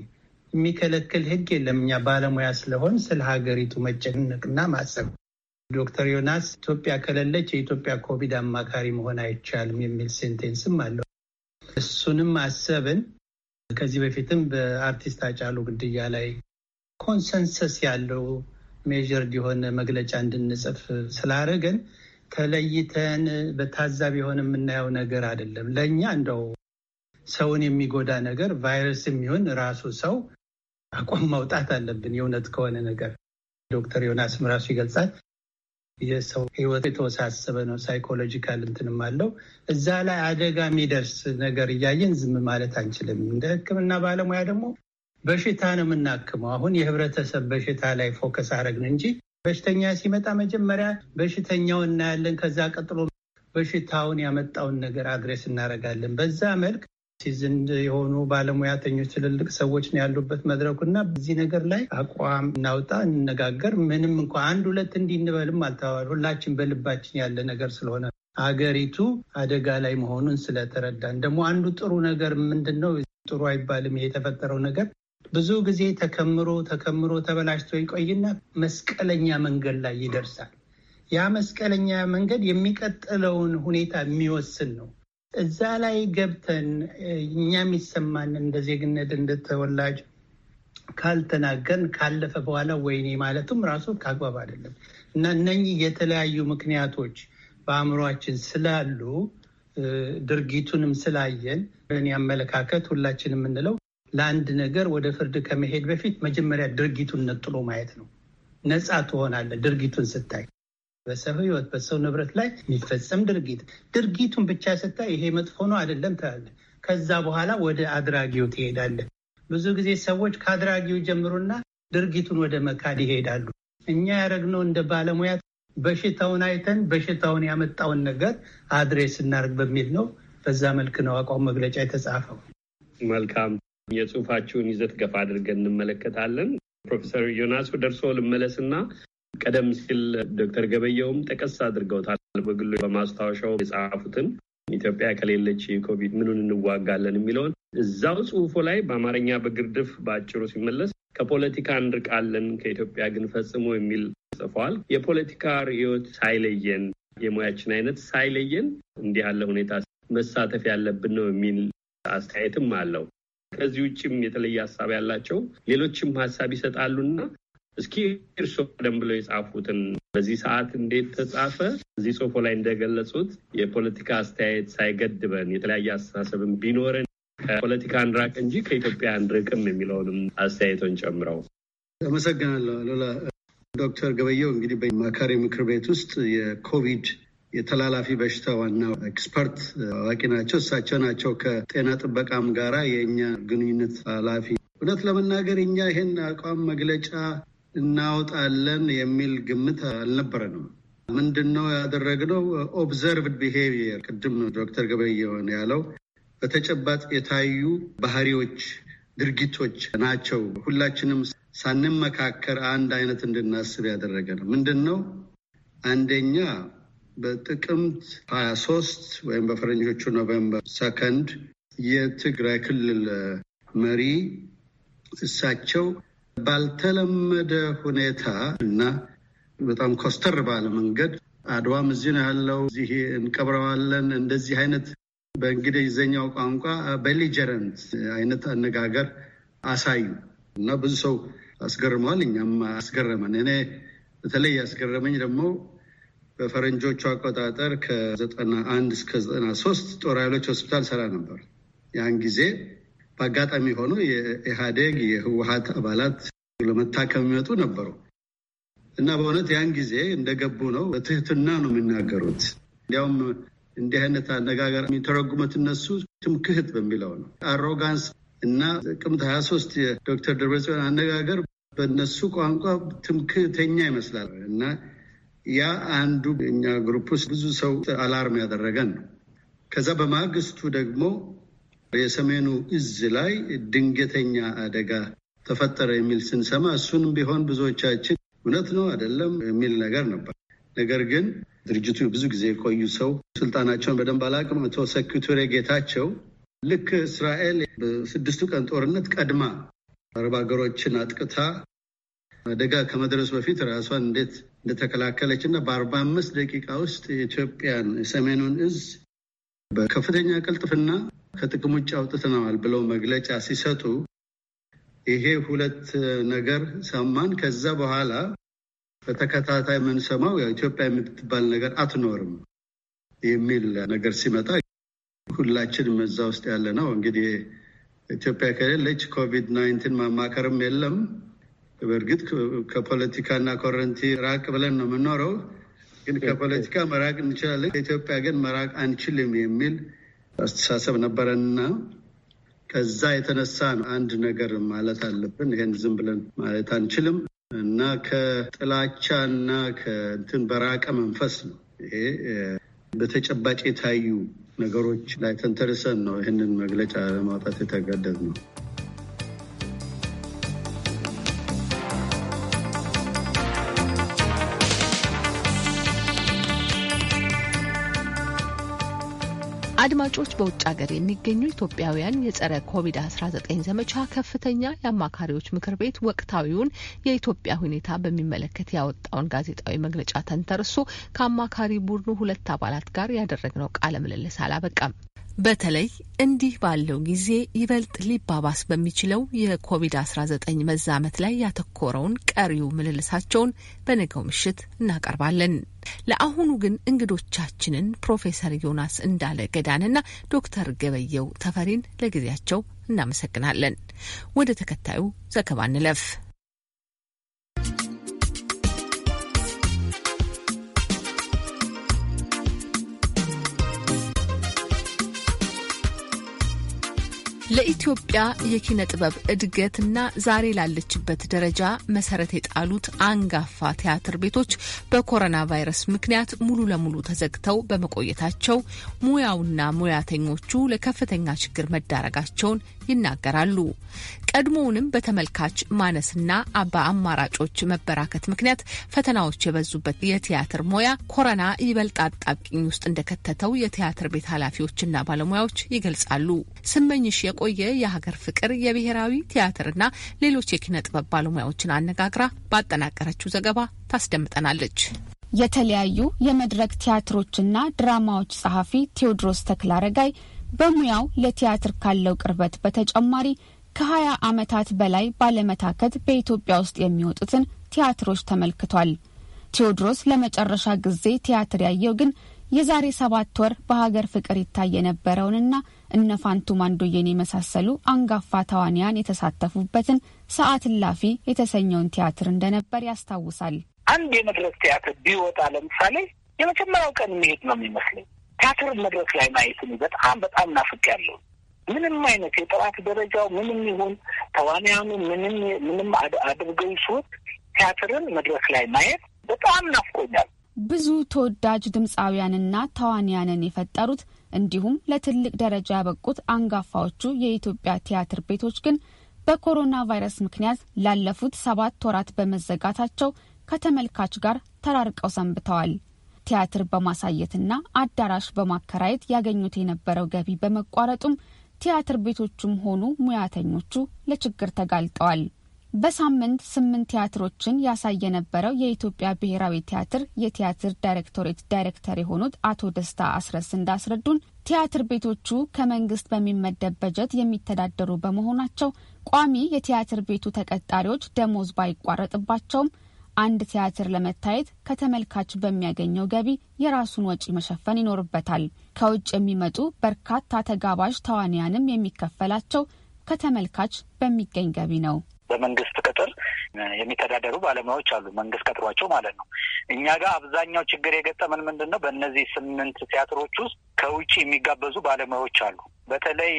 የሚከለክል ሕግ የለም። እኛ ባለሙያ ስለሆን ስለ ሀገሪቱ መጨነቅና ማሰብ ዶክተር ዮናስ ኢትዮጵያ ከሌለች የኢትዮጵያ ኮቪድ አማካሪ መሆን አይቻልም የሚል ሴንቴንስም አለው። እሱንም አሰብን። ከዚህ በፊትም በአርቲስት አጫሉ ግድያ ላይ ኮንሰንሰስ ያለው ሜዥር የሆነ መግለጫ እንድንጽፍ ስላደረገን ተለይተን በታዛቢ የሆነ የምናየው ነገር አይደለም። ለእኛ እንደው ሰውን የሚጎዳ ነገር ቫይረስ የሚሆን ራሱ ሰው አቋም ማውጣት አለብን። የእውነት ከሆነ ነገር ዶክተር ዮናስም ራሱ ይገልጻል። የሰው ህይወት የተወሳሰበ ነው። ሳይኮሎጂካል እንትንም አለው። እዛ ላይ አደጋ የሚደርስ ነገር እያየን ዝም ማለት አንችልም። እንደ ሕክምና ባለሙያ ደግሞ በሽታ ነው የምናክመው። አሁን የህብረተሰብ በሽታ ላይ ፎከስ አረግን እንጂ በሽተኛ ሲመጣ መጀመሪያ በሽተኛው እናያለን። ከዛ ቀጥሎ በሽታውን ያመጣውን ነገር አድሬስ እናደርጋለን። በዛ መልክ ሲዝንድ የሆኑ ባለሙያተኞች ትልልቅ ሰዎች ነው ያሉበት መድረኩ እና በዚህ ነገር ላይ አቋም እናውጣ፣ እንነጋገር። ምንም እንኳ አንድ ሁለት እንዲንበልም እንበልም ሁላችን በልባችን ያለ ነገር ስለሆነ አገሪቱ አደጋ ላይ መሆኑን ስለተረዳን ደግሞ አንዱ ጥሩ ነገር ምንድን ነው ጥሩ አይባልም የተፈጠረው ነገር ብዙ ጊዜ ተከምሮ ተከምሮ ተበላሽቶ ይቆይና መስቀለኛ መንገድ ላይ ይደርሳል። ያ መስቀለኛ መንገድ የሚቀጥለውን ሁኔታ የሚወስን ነው። እዛ ላይ ገብተን እኛ የሚሰማን እንደ ዜግነት እንደተወላጅ ካልተናገርን ካለፈ በኋላ ወይኔ ማለቱም ራሱ ከአግባብ አይደለም እና እነኚህ የተለያዩ ምክንያቶች በአእምሯችን ስላሉ ድርጊቱንም ስላየን እኔ አመለካከት ሁላችን የምንለው ለአንድ ነገር ወደ ፍርድ ከመሄድ በፊት መጀመሪያ ድርጊቱን ነጥሎ ማየት ነው። ነፃ ትሆናለህ ድርጊቱን ስታይ በሰው ሕይወት በሰው ንብረት ላይ የሚፈጸም ድርጊት ድርጊቱን ብቻ ስታይ ይሄ መጥፎ ነው አይደለም ትላለህ። ከዛ በኋላ ወደ አድራጊው ትሄዳለህ። ብዙ ጊዜ ሰዎች ከአድራጊው ጀምሩና ድርጊቱን ወደ መካድ ይሄዳሉ። እኛ ያደረግነው እንደ ባለሙያ በሽታውን አይተን በሽታውን ያመጣውን ነገር አድሬስ እናደርግ በሚል ነው። በዛ መልክ ነው አቋም መግለጫ የተጻፈው። መልካም የጽሁፋችሁን ይዘት ገፋ አድርገን እንመለከታለን። ፕሮፌሰር ዮናስ ወደ እርስዎ ልመለስና ቀደም ሲል ዶክተር ገበየውም ጠቀስ አድርገውታል። በግሎ በማስታወሻው የጻፉትን ኢትዮጵያ ከሌለች ኮቪድ ምኑን እንዋጋለን የሚለውን እዛው ጽሁፎ ላይ በአማርኛ በግርድፍ በአጭሩ ሲመለስ ከፖለቲካ እንርቃለን ከኢትዮጵያ ግን ፈጽሞ የሚል ጽፏል። የፖለቲካ ርዕዮት ሳይለየን የሙያችን አይነት ሳይለየን እንዲህ ያለ ሁኔታ መሳተፍ ያለብን ነው የሚል አስተያየትም አለው። ከዚህ ውጭም የተለየ ሀሳብ ያላቸው ሌሎችም ሀሳብ ይሰጣሉና እስኪ እርስዎ ቀደም ብለው የጻፉትን በዚህ ሰዓት እንዴት ተጻፈ? እዚህ ጽሁፎ ላይ እንደገለጹት የፖለቲካ አስተያየት ሳይገድበን የተለያየ አስተሳሰብን ቢኖረን ከፖለቲካ እንራቅ እንጂ ከኢትዮጵያ አንርቅም የሚለውንም አስተያየቶን ጨምረው አመሰግናለሁ። ዶክተር ገበየው እንግዲህ በማካሪ ምክር ቤት ውስጥ የኮቪድ የተላላፊ በሽታ ዋና ኤክስፐርት አዋቂ ናቸው። እሳቸው ናቸው ከጤና ጥበቃም ጋራ የእኛ ግንኙነት ኃላፊ። እውነት ለመናገር እኛ ይህን አቋም መግለጫ እናወጣለን የሚል ግምት አልነበረንም። ምንድን ነው ያደረግነው? ኦብዘርቭድ ቢሄቪየር ቅድም ዶክተር ገበየሁን ያለው በተጨባጭ የታዩ ባህሪዎች፣ ድርጊቶች ናቸው። ሁላችንም ሳንመካከር አንድ አይነት እንድናስብ ያደረገ ነው። ምንድን ነው አንደኛ በጥቅምት 23 ወይም በፈረንጆቹ ኖቬምበር ሰከንድ የትግራይ ክልል መሪ እሳቸው ባልተለመደ ሁኔታ እና በጣም ኮስተር ባለ መንገድ አድዋም እዚህ ነው ያለው፣ እዚህ እንቀብረዋለን፣ እንደዚህ አይነት በእንግሊዝኛው ቋንቋ በሊጀረንት አይነት አነጋገር አሳዩ እና ብዙ ሰው አስገርመዋል። እኛም አስገረመን። እኔ በተለይ ያስገረመኝ ደግሞ በፈረንጆቹ አቆጣጠር ከ91 እስከ ሶስት ጦር ኃይሎች ሆስፒታል ሰራ ነበር። ያን ጊዜ በአጋጣሚ ሆኖ የኢህአዴግ የህወሀት አባላት ለመታከም የሚመጡ ነበሩ እና በእውነት ያን ጊዜ እንደገቡ ነው በትህትና ነው የሚናገሩት። እንዲያውም እንዲህ አይነት አነጋገር የሚተረጉሙት እነሱ ትምክህት በሚለው ነው። አሮጋንስ እና ጥቅምት 23 የዶክተር ደብረጽዮን አነጋገር በእነሱ ቋንቋ ትምክህተኛ ይመስላል እና ያ አንዱ እኛ ግሩፕ ውስጥ ብዙ ሰው አላርም ያደረገን ነው። ከዛ በማግስቱ ደግሞ የሰሜኑ እዝ ላይ ድንገተኛ አደጋ ተፈጠረ የሚል ስንሰማ እሱንም ቢሆን ብዙዎቻችን እውነት ነው አይደለም የሚል ነገር ነበር። ነገር ግን ድርጅቱ ብዙ ጊዜ የቆዩ ሰው ስልጣናቸውን በደንብ አላቅም፣ መቶ ሴኩሪቴሬ ጌታቸው ልክ እስራኤል በስድስቱ ቀን ጦርነት ቀድማ አረብ ሀገሮችን አጥቅታ አደጋ ከመድረሱ በፊት ራሷን እንዴት እንደተከላከለች እና በአርባ አምስት ደቂቃ ውስጥ የኢትዮጵያን የሰሜኑን እዝ በከፍተኛ ቅልጥፍና ከጥቅም ውጭ አውጥተነዋል ብለው መግለጫ ሲሰጡ ይሄ ሁለት ነገር ሰማን። ከዛ በኋላ በተከታታይ የምንሰማው ኢትዮጵያ የምትባል ነገር አትኖርም የሚል ነገር ሲመጣ ሁላችንም እዛ ውስጥ ያለ ነው። እንግዲህ ኢትዮጵያ ከሌለች ኮቪድ ናይንቲን ማማከርም የለም በእርግጥ ከፖለቲካና ኮረንቲ ራቅ ብለን ነው የምኖረው ግን ከፖለቲካ መራቅ እንችላለን፣ ከኢትዮጵያ ግን መራቅ አንችልም የሚል አስተሳሰብ ነበረንና ከዛ የተነሳ ነው አንድ ነገር ማለት አለብን፣ ይሄን ዝም ብለን ማለት አንችልም እና ከጥላቻ እና ከእንትን በራቀ መንፈስ ነው ይሄ በተጨባጭ የታዩ ነገሮች ላይ ተንተርሰን ነው ይህንን መግለጫ ለማውጣት የተገደድ ነው። አድማጮች፣ በውጭ ሀገር የሚገኙ ኢትዮጵያውያን የጸረ ኮቪድ-19 ዘመቻ ከፍተኛ የአማካሪዎች ምክር ቤት ወቅታዊውን የኢትዮጵያ ሁኔታ በሚመለከት ያወጣውን ጋዜጣዊ መግለጫ ተንተርሶ ከአማካሪ ቡድኑ ሁለት አባላት ጋር ያደረግነው ቃለ ምልልስ አላበቃም። በተለይ እንዲህ ባለው ጊዜ ይበልጥ ሊባባስ በሚችለው የኮቪድ-19 መዛመት ላይ ያተኮረውን ቀሪው ምልልሳቸውን በነገው ምሽት እናቀርባለን። ለአሁኑ ግን እንግዶቻችንን ፕሮፌሰር ዮናስ እንዳለ ገዳንና ዶክተር ገበየው ተፈሪን ለጊዜያቸው እናመሰግናለን። ወደ ተከታዩ ዘገባ እንለፍ። ለኢትዮጵያ የኪነ ጥበብ እድገትና ዛሬ ላለችበት ደረጃ መሰረት የጣሉት አንጋፋ ቲያትር ቤቶች በኮሮና ቫይረስ ምክንያት ሙሉ ለሙሉ ተዘግተው በመቆየታቸው ሙያውና ሙያተኞቹ ለከፍተኛ ችግር መዳረጋቸውን ይናገራሉ። ቀድሞውንም በተመልካች ማነስና በአማራጮች መበራከት ምክንያት ፈተናዎች የበዙበት የቲያትር ሙያ ኮረና ይበልጥ አጣብቂኝ ውስጥ እንደከተተው የቲያትር ቤት ኃላፊዎችና ባለሙያዎች ይገልጻሉ። ስመኝሽ የቆየ የሀገር ፍቅር የብሔራዊ ቲያትርና ሌሎች የኪነ ጥበብ ባለሙያዎችን አነጋግራ ባጠናቀረችው ዘገባ ታስደምጠናለች። የተለያዩ የመድረክ ቲያትሮችና ድራማዎች ጸሐፊ ቴዎድሮስ ተክለ አረጋይ በሙያው ለቲያትር ካለው ቅርበት በተጨማሪ ከሀያ ዓመታት በላይ ባለመታከት በኢትዮጵያ ውስጥ የሚወጡትን ቲያትሮች ተመልክቷል። ቴዎድሮስ ለመጨረሻ ጊዜ ቲያትር ያየው ግን የዛሬ ሰባት ወር በሀገር ፍቅር ይታይ የነበረውንና እነ ፋንቱ ማንዶዬን የመሳሰሉ አንጋፋ ተዋንያን የተሳተፉበትን ሰዓት እላፊ የተሰኘውን ቲያትር እንደነበር ያስታውሳል። አንድ የመድረክ ቲያትር ቢወጣ ለምሳሌ የመጀመሪያው ቀን መሄድ ነው የሚመስለኝ። ቲያትር መድረክ ላይ ማየት በጣም በጣም ናፍቄያለሁ። ምንም አይነት የጥራት ደረጃው ምንም ይሁን ተዋንያኑ ምንም ምንም አድርገው ይሱት ቲያትርን መድረክ ላይ ማየት በጣም ናፍቆኛል። ብዙ ተወዳጅ ድምፃውያንና ተዋንያንን የፈጠሩት እንዲሁም ለትልቅ ደረጃ ያበቁት አንጋፋዎቹ የኢትዮጵያ ቲያትር ቤቶች ግን በኮሮና ቫይረስ ምክንያት ላለፉት ሰባት ወራት በመዘጋታቸው ከተመልካች ጋር ተራርቀው ሰንብተዋል። ቲያትር በማሳየትና አዳራሽ በማከራየት ያገኙት የነበረው ገቢ በመቋረጡም ቲያትር ቤቶቹም ሆኑ ሙያተኞቹ ለችግር ተጋልጠዋል። በሳምንት ስምንት ቲያትሮችን ያሳይ የነበረው የኢትዮጵያ ብሔራዊ ቲያትር የቲያትር ዳይሬክቶሬት ዳይሬክተር የሆኑት አቶ ደስታ አስረስ እንዳስረዱን ቲያትር ቤቶቹ ከመንግስት በሚመደብ በጀት የሚተዳደሩ በመሆናቸው ቋሚ የቲያትር ቤቱ ተቀጣሪዎች ደሞዝ ባይቋረጥባቸውም አንድ ቲያትር ለመታየት ከተመልካች በሚያገኘው ገቢ የራሱን ወጪ መሸፈን ይኖርበታል። ከውጭ የሚመጡ በርካታ ተጋባዥ ተዋንያንም የሚከፈላቸው ከተመልካች በሚገኝ ገቢ ነው። በመንግስት ቅጥር የሚተዳደሩ ባለሙያዎች አሉ፣ መንግስት ቀጥሯቸው ማለት ነው። እኛ ጋር አብዛኛው ችግር የገጠመን ምንድን ነው? በእነዚህ ስምንት ቲያትሮች ውስጥ ከውጭ የሚጋበዙ ባለሙያዎች አሉ። በተለይ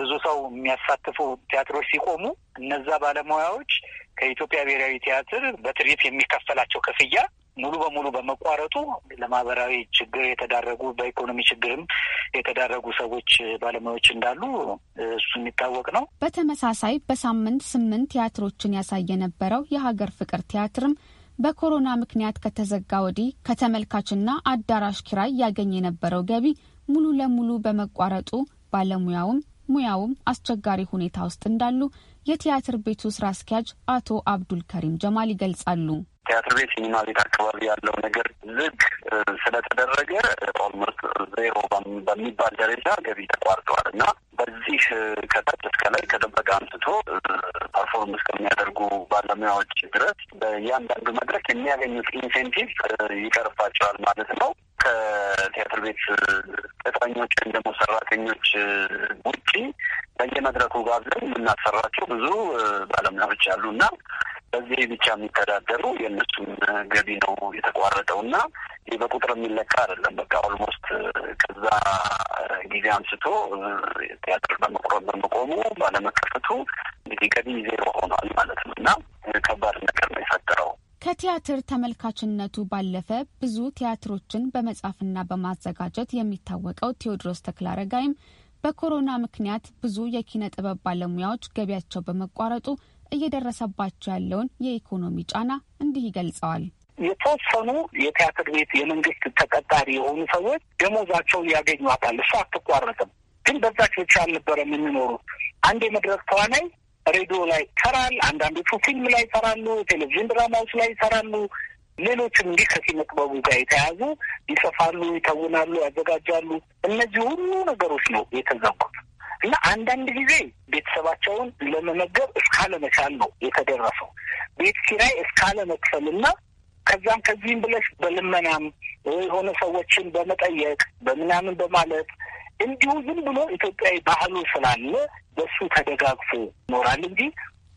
ብዙ ሰው የሚያሳትፉ ቲያትሮች ሲቆሙ እነዛ ባለሙያዎች ከኢትዮጵያ ብሔራዊ ቲያትር በትርኢት የሚከፈላቸው ክፍያ ሙሉ በሙሉ በመቋረጡ ለማህበራዊ ችግር የተዳረጉ በኢኮኖሚ ችግርም የተዳረጉ ሰዎች ባለሙያዎች እንዳሉ እሱ የሚታወቅ ነው። በተመሳሳይ በሳምንት ስምንት ቲያትሮችን ያሳይ የነበረው የሀገር ፍቅር ቲያትርም በኮሮና ምክንያት ከተዘጋ ወዲህ ከተመልካችና አዳራሽ ኪራይ ያገኝ የነበረው ገቢ ሙሉ ለሙሉ በመቋረጡ ባለሙያውም ሙያውም አስቸጋሪ ሁኔታ ውስጥ እንዳሉ የቲያትር ቤቱ ስራ አስኪያጅ አቶ አብዱል ከሪም ጀማል ይገልጻሉ። ቲያትር ቤት ሲኒማ ቤት አካባቢ ያለው ነገር ዝግ ስለተደረገ ኦልሞስት ዜሮ በሚባል ደረጃ ገቢ ተቋርጠዋል እና በዚህ ከታች እስከ ላይ ከጥበቃ አንስቶ ፐርፎርም እስከሚያደርጉ ባለሙያዎች ድረስ በእያንዳንዱ መድረክ የሚያገኙት ኢንሴንቲቭ ይቀርባቸዋል ማለት ነው። ከቲያትር ቤት ተጠኞች ወይም ደግሞ ሰራተኞች ውጪ በየመድረኩ ጋብዘን የምናሰራቸው ብዙ ባለሙያዎች አሉ እና በዚህ ብቻ የሚተዳደሩ የእነሱን ገቢ ነው የተቋረጠው እና ይህ በቁጥር የሚለካ አይደለም። በቃ ኦልሞስት ከዛ ጊዜ አንስቶ ቲያትር በመቁረብ በመቆሙ ባለመከፈቱ እንግዲህ ገቢ ዜሮ ሆኗል ማለት ነው እና ከባድ ነገር ነው የፈጠረው። ከቲያትር ተመልካችነቱ ባለፈ ብዙ ቲያትሮችን በመጻፍና በማዘጋጀት የሚታወቀው ቴዎድሮስ አረጋይም በኮሮና ምክንያት ብዙ የኪነ ጥበብ ባለሙያዎች ገቢያቸው በመቋረጡ እየደረሰባቸው ያለውን የኢኮኖሚ ጫና እንዲህ ይገልጸዋል። የተወሰኑ የቲያትር ቤት የመንግስት ተቀጣሪ የሆኑ ሰዎች ደሞዛቸውን ያገኟታል። እሱ አትቋረጥም፣ ግን በዛች ብቻ አልነበረም የሚኖሩት። አንድ የመድረክ ተዋናይ ሬዲዮ ላይ ይሰራል። አንዳንዶቹ ፊልም ላይ ይሰራሉ፣ ቴሌቪዥን ድራማዎች ላይ ይሰራሉ። ሌሎችም እንዲህ ከኪነ ጥበቡ ጋር የተያዙ ይጽፋሉ፣ ይተውናሉ፣ ያዘጋጃሉ። እነዚህ ሁሉ ነገሮች ነው የተዘጉት እና አንዳንድ ጊዜ ቤተሰባቸውን ለመመገብ እስካለመቻል ነው የተደረሰው። ቤት ኪራይ እስካለመክፈል እና ከዛም ከዚህም ብለሽ በልመናም የሆነ ሰዎችን በመጠየቅ በምናምን በማለት እንዲሁ ዝም ብሎ ኢትዮጵያዊ ባህሉ ስላለ በሱ ተደጋግፎ ይኖራል እንጂ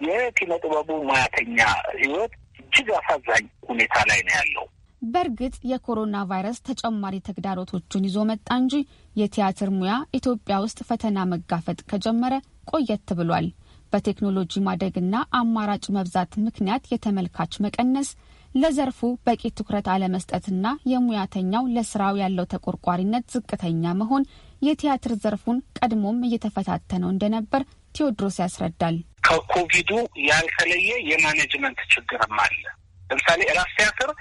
የኪነ ጥበቡ ሙያተኛ ህይወት እጅግ አሳዛኝ ሁኔታ ላይ ነው ያለው። በእርግጥ የኮሮና ቫይረስ ተጨማሪ ተግዳሮቶቹን ይዞ መጣ እንጂ የቲያትር ሙያ ኢትዮጵያ ውስጥ ፈተና መጋፈጥ ከጀመረ ቆየት ብሏል። በቴክኖሎጂ ማደግና አማራጭ መብዛት ምክንያት የተመልካች መቀነስ፣ ለዘርፉ በቂ ትኩረት አለመስጠትና የሙያተኛው ለስራው ያለው ተቆርቋሪነት ዝቅተኛ መሆን የቲያትር ዘርፉን ቀድሞም እየተፈታተነው እንደነበር ቴዎድሮስ ያስረዳል። ከኮቪዱ ያልተለየ የማኔጅመንት ችግርም አለ። ለምሳሌ ራስ ቲያትር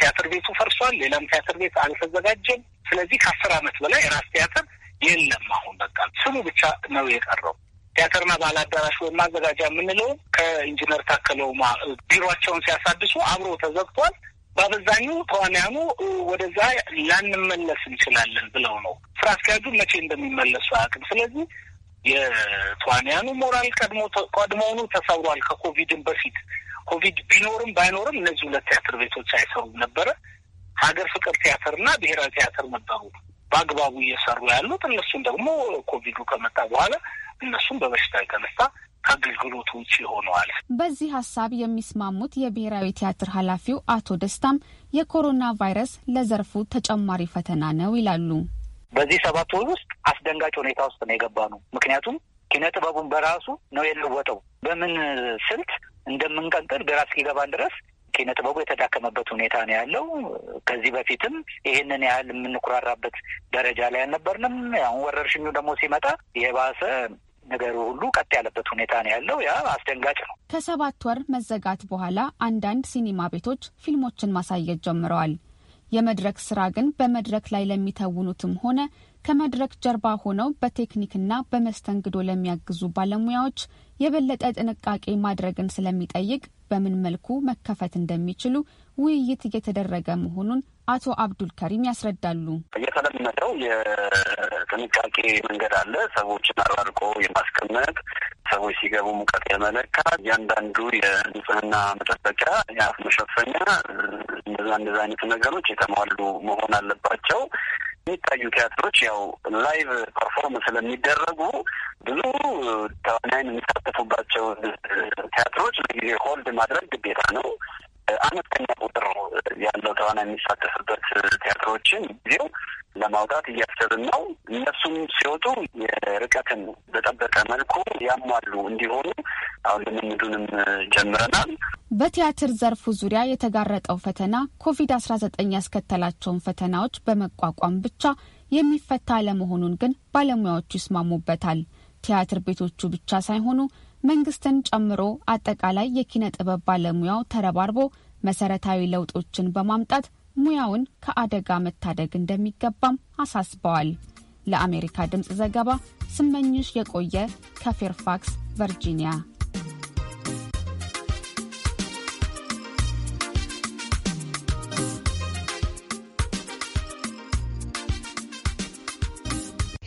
ቲያትር ቤቱ ፈርሷል። ሌላም ቲያትር ቤት አልተዘጋጀም። ስለዚህ ከአስር ዓመት በላይ ራስ ቲያትር የለም። አሁን በቃ ስሙ ብቻ ነው የቀረው። ቲያትርና ባህል አዳራሽ ወይም ማዘጋጃ የምንለው ከኢንጂነር ታከለው ቢሮቸውን ሲያሳድሱ አብሮ ተዘግቷል። በአብዛኙ ተዋንያኑ ወደዛ ላንመለስ እንችላለን ብለው ነው። ስራ አስኪያጁ መቼ እንደሚመለሱ አያውቅም። ስለዚህ የተዋንያኑ ሞራል ቀድሞ ቀድሞውኑ ተሰብሯል። ከኮቪድን በፊት ኮቪድ ቢኖርም ባይኖርም እነዚህ ሁለት ቲያትር ቤቶች አይሰሩም ነበረ። ሀገር ፍቅር ቲያትርና ብሔራዊ ቲያትር ነበሩ በአግባቡ እየሰሩ ያሉት። እነሱን ደግሞ ኮቪዱ ከመጣ በኋላ እነሱም በበሽታ የተነሳ ከአገልግሎት ውጭ ሆነዋል። በዚህ ሀሳብ የሚስማሙት የብሔራዊ ቲያትር ኃላፊው አቶ ደስታም የኮሮና ቫይረስ ለዘርፉ ተጨማሪ ፈተና ነው ይላሉ። በዚህ ሰባት ወር ውስጥ አስደንጋጭ ሁኔታ ውስጥ ነው የገባ ነው። ምክንያቱም ኪነ ጥበቡን በራሱ ነው የለወጠው። በምን ስልት እንደምንቀንጥል ግራ እስኪገባን ድረስ ኪነ ጥበቡ የተዳከመበት ሁኔታ ነው ያለው። ከዚህ በፊትም ይህንን ያህል የምንኩራራበት ደረጃ ላይ አልነበርንም። አሁን ወረርሽኙ ደግሞ ሲመጣ የባሰ ነገሩ ሁሉ ቀጥ ያለበት ሁኔታ ነው ያለው። ያ አስደንጋጭ ነው። ከሰባት ወር መዘጋት በኋላ አንዳንድ ሲኒማ ቤቶች ፊልሞችን ማሳየት ጀምረዋል። የመድረክ ስራ ግን በመድረክ ላይ ለሚተውኑትም ሆነ ከመድረክ ጀርባ ሆነው በቴክኒክና በመስተንግዶ ለሚያግዙ ባለሙያዎች የበለጠ ጥንቃቄ ማድረግን ስለሚጠይቅ በምን መልኩ መከፈት እንደሚችሉ ውይይት እየተደረገ መሆኑን አቶ አብዱል ከሪም ያስረዳሉ። እየተለመደው የጥንቃቄ መንገድ አለ። ሰዎችን አራርቆ የማስቀመጥ ሰዎች ሲገቡ ሙቀት የመለካት እያንዳንዱ የንጽህና መጠበቂያ፣ የአፍ መሸፈኛ፣ እንደዛ እንደዛ አይነት ነገሮች የተሟሉ መሆን አለባቸው። የሚታዩ ቲያትሮች ያው ላይቭ ፐርፎርም ስለሚደረጉ ብዙ ተዋናይን የሚሳተፉባቸውን ቲያትሮች ለጊዜ ሆልድ ማድረግ ግዴታ ነው። አነስተኛ ቁጥር ያለው ተዋናይ የሚሳተፍበት ቲያትሮችን ጊዜው ለማውጣት እያሰብን ነው። እነሱም ሲወጡ የርቀትን በጠበቀ መልኩ ያሟሉ እንዲሆኑ አሁን ልምምዱንም ጀምረናል። በቲያትር ዘርፉ ዙሪያ የተጋረጠው ፈተና ኮቪድ አስራ ዘጠኝ ያስከተላቸውን ፈተናዎች በመቋቋም ብቻ የሚፈታ አለመሆኑን ግን ባለሙያዎቹ ይስማሙበታል። ቲያትር ቤቶቹ ብቻ ሳይሆኑ መንግስትን ጨምሮ አጠቃላይ የኪነ ጥበብ ባለሙያው ተረባርቦ መሰረታዊ ለውጦችን በማምጣት ሙያውን ከአደጋ መታደግ እንደሚገባም አሳስበዋል። ለአሜሪካ ድምፅ ዘገባ ስመኝሽ የቆየ ከፌርፋክስ ቨርጂኒያ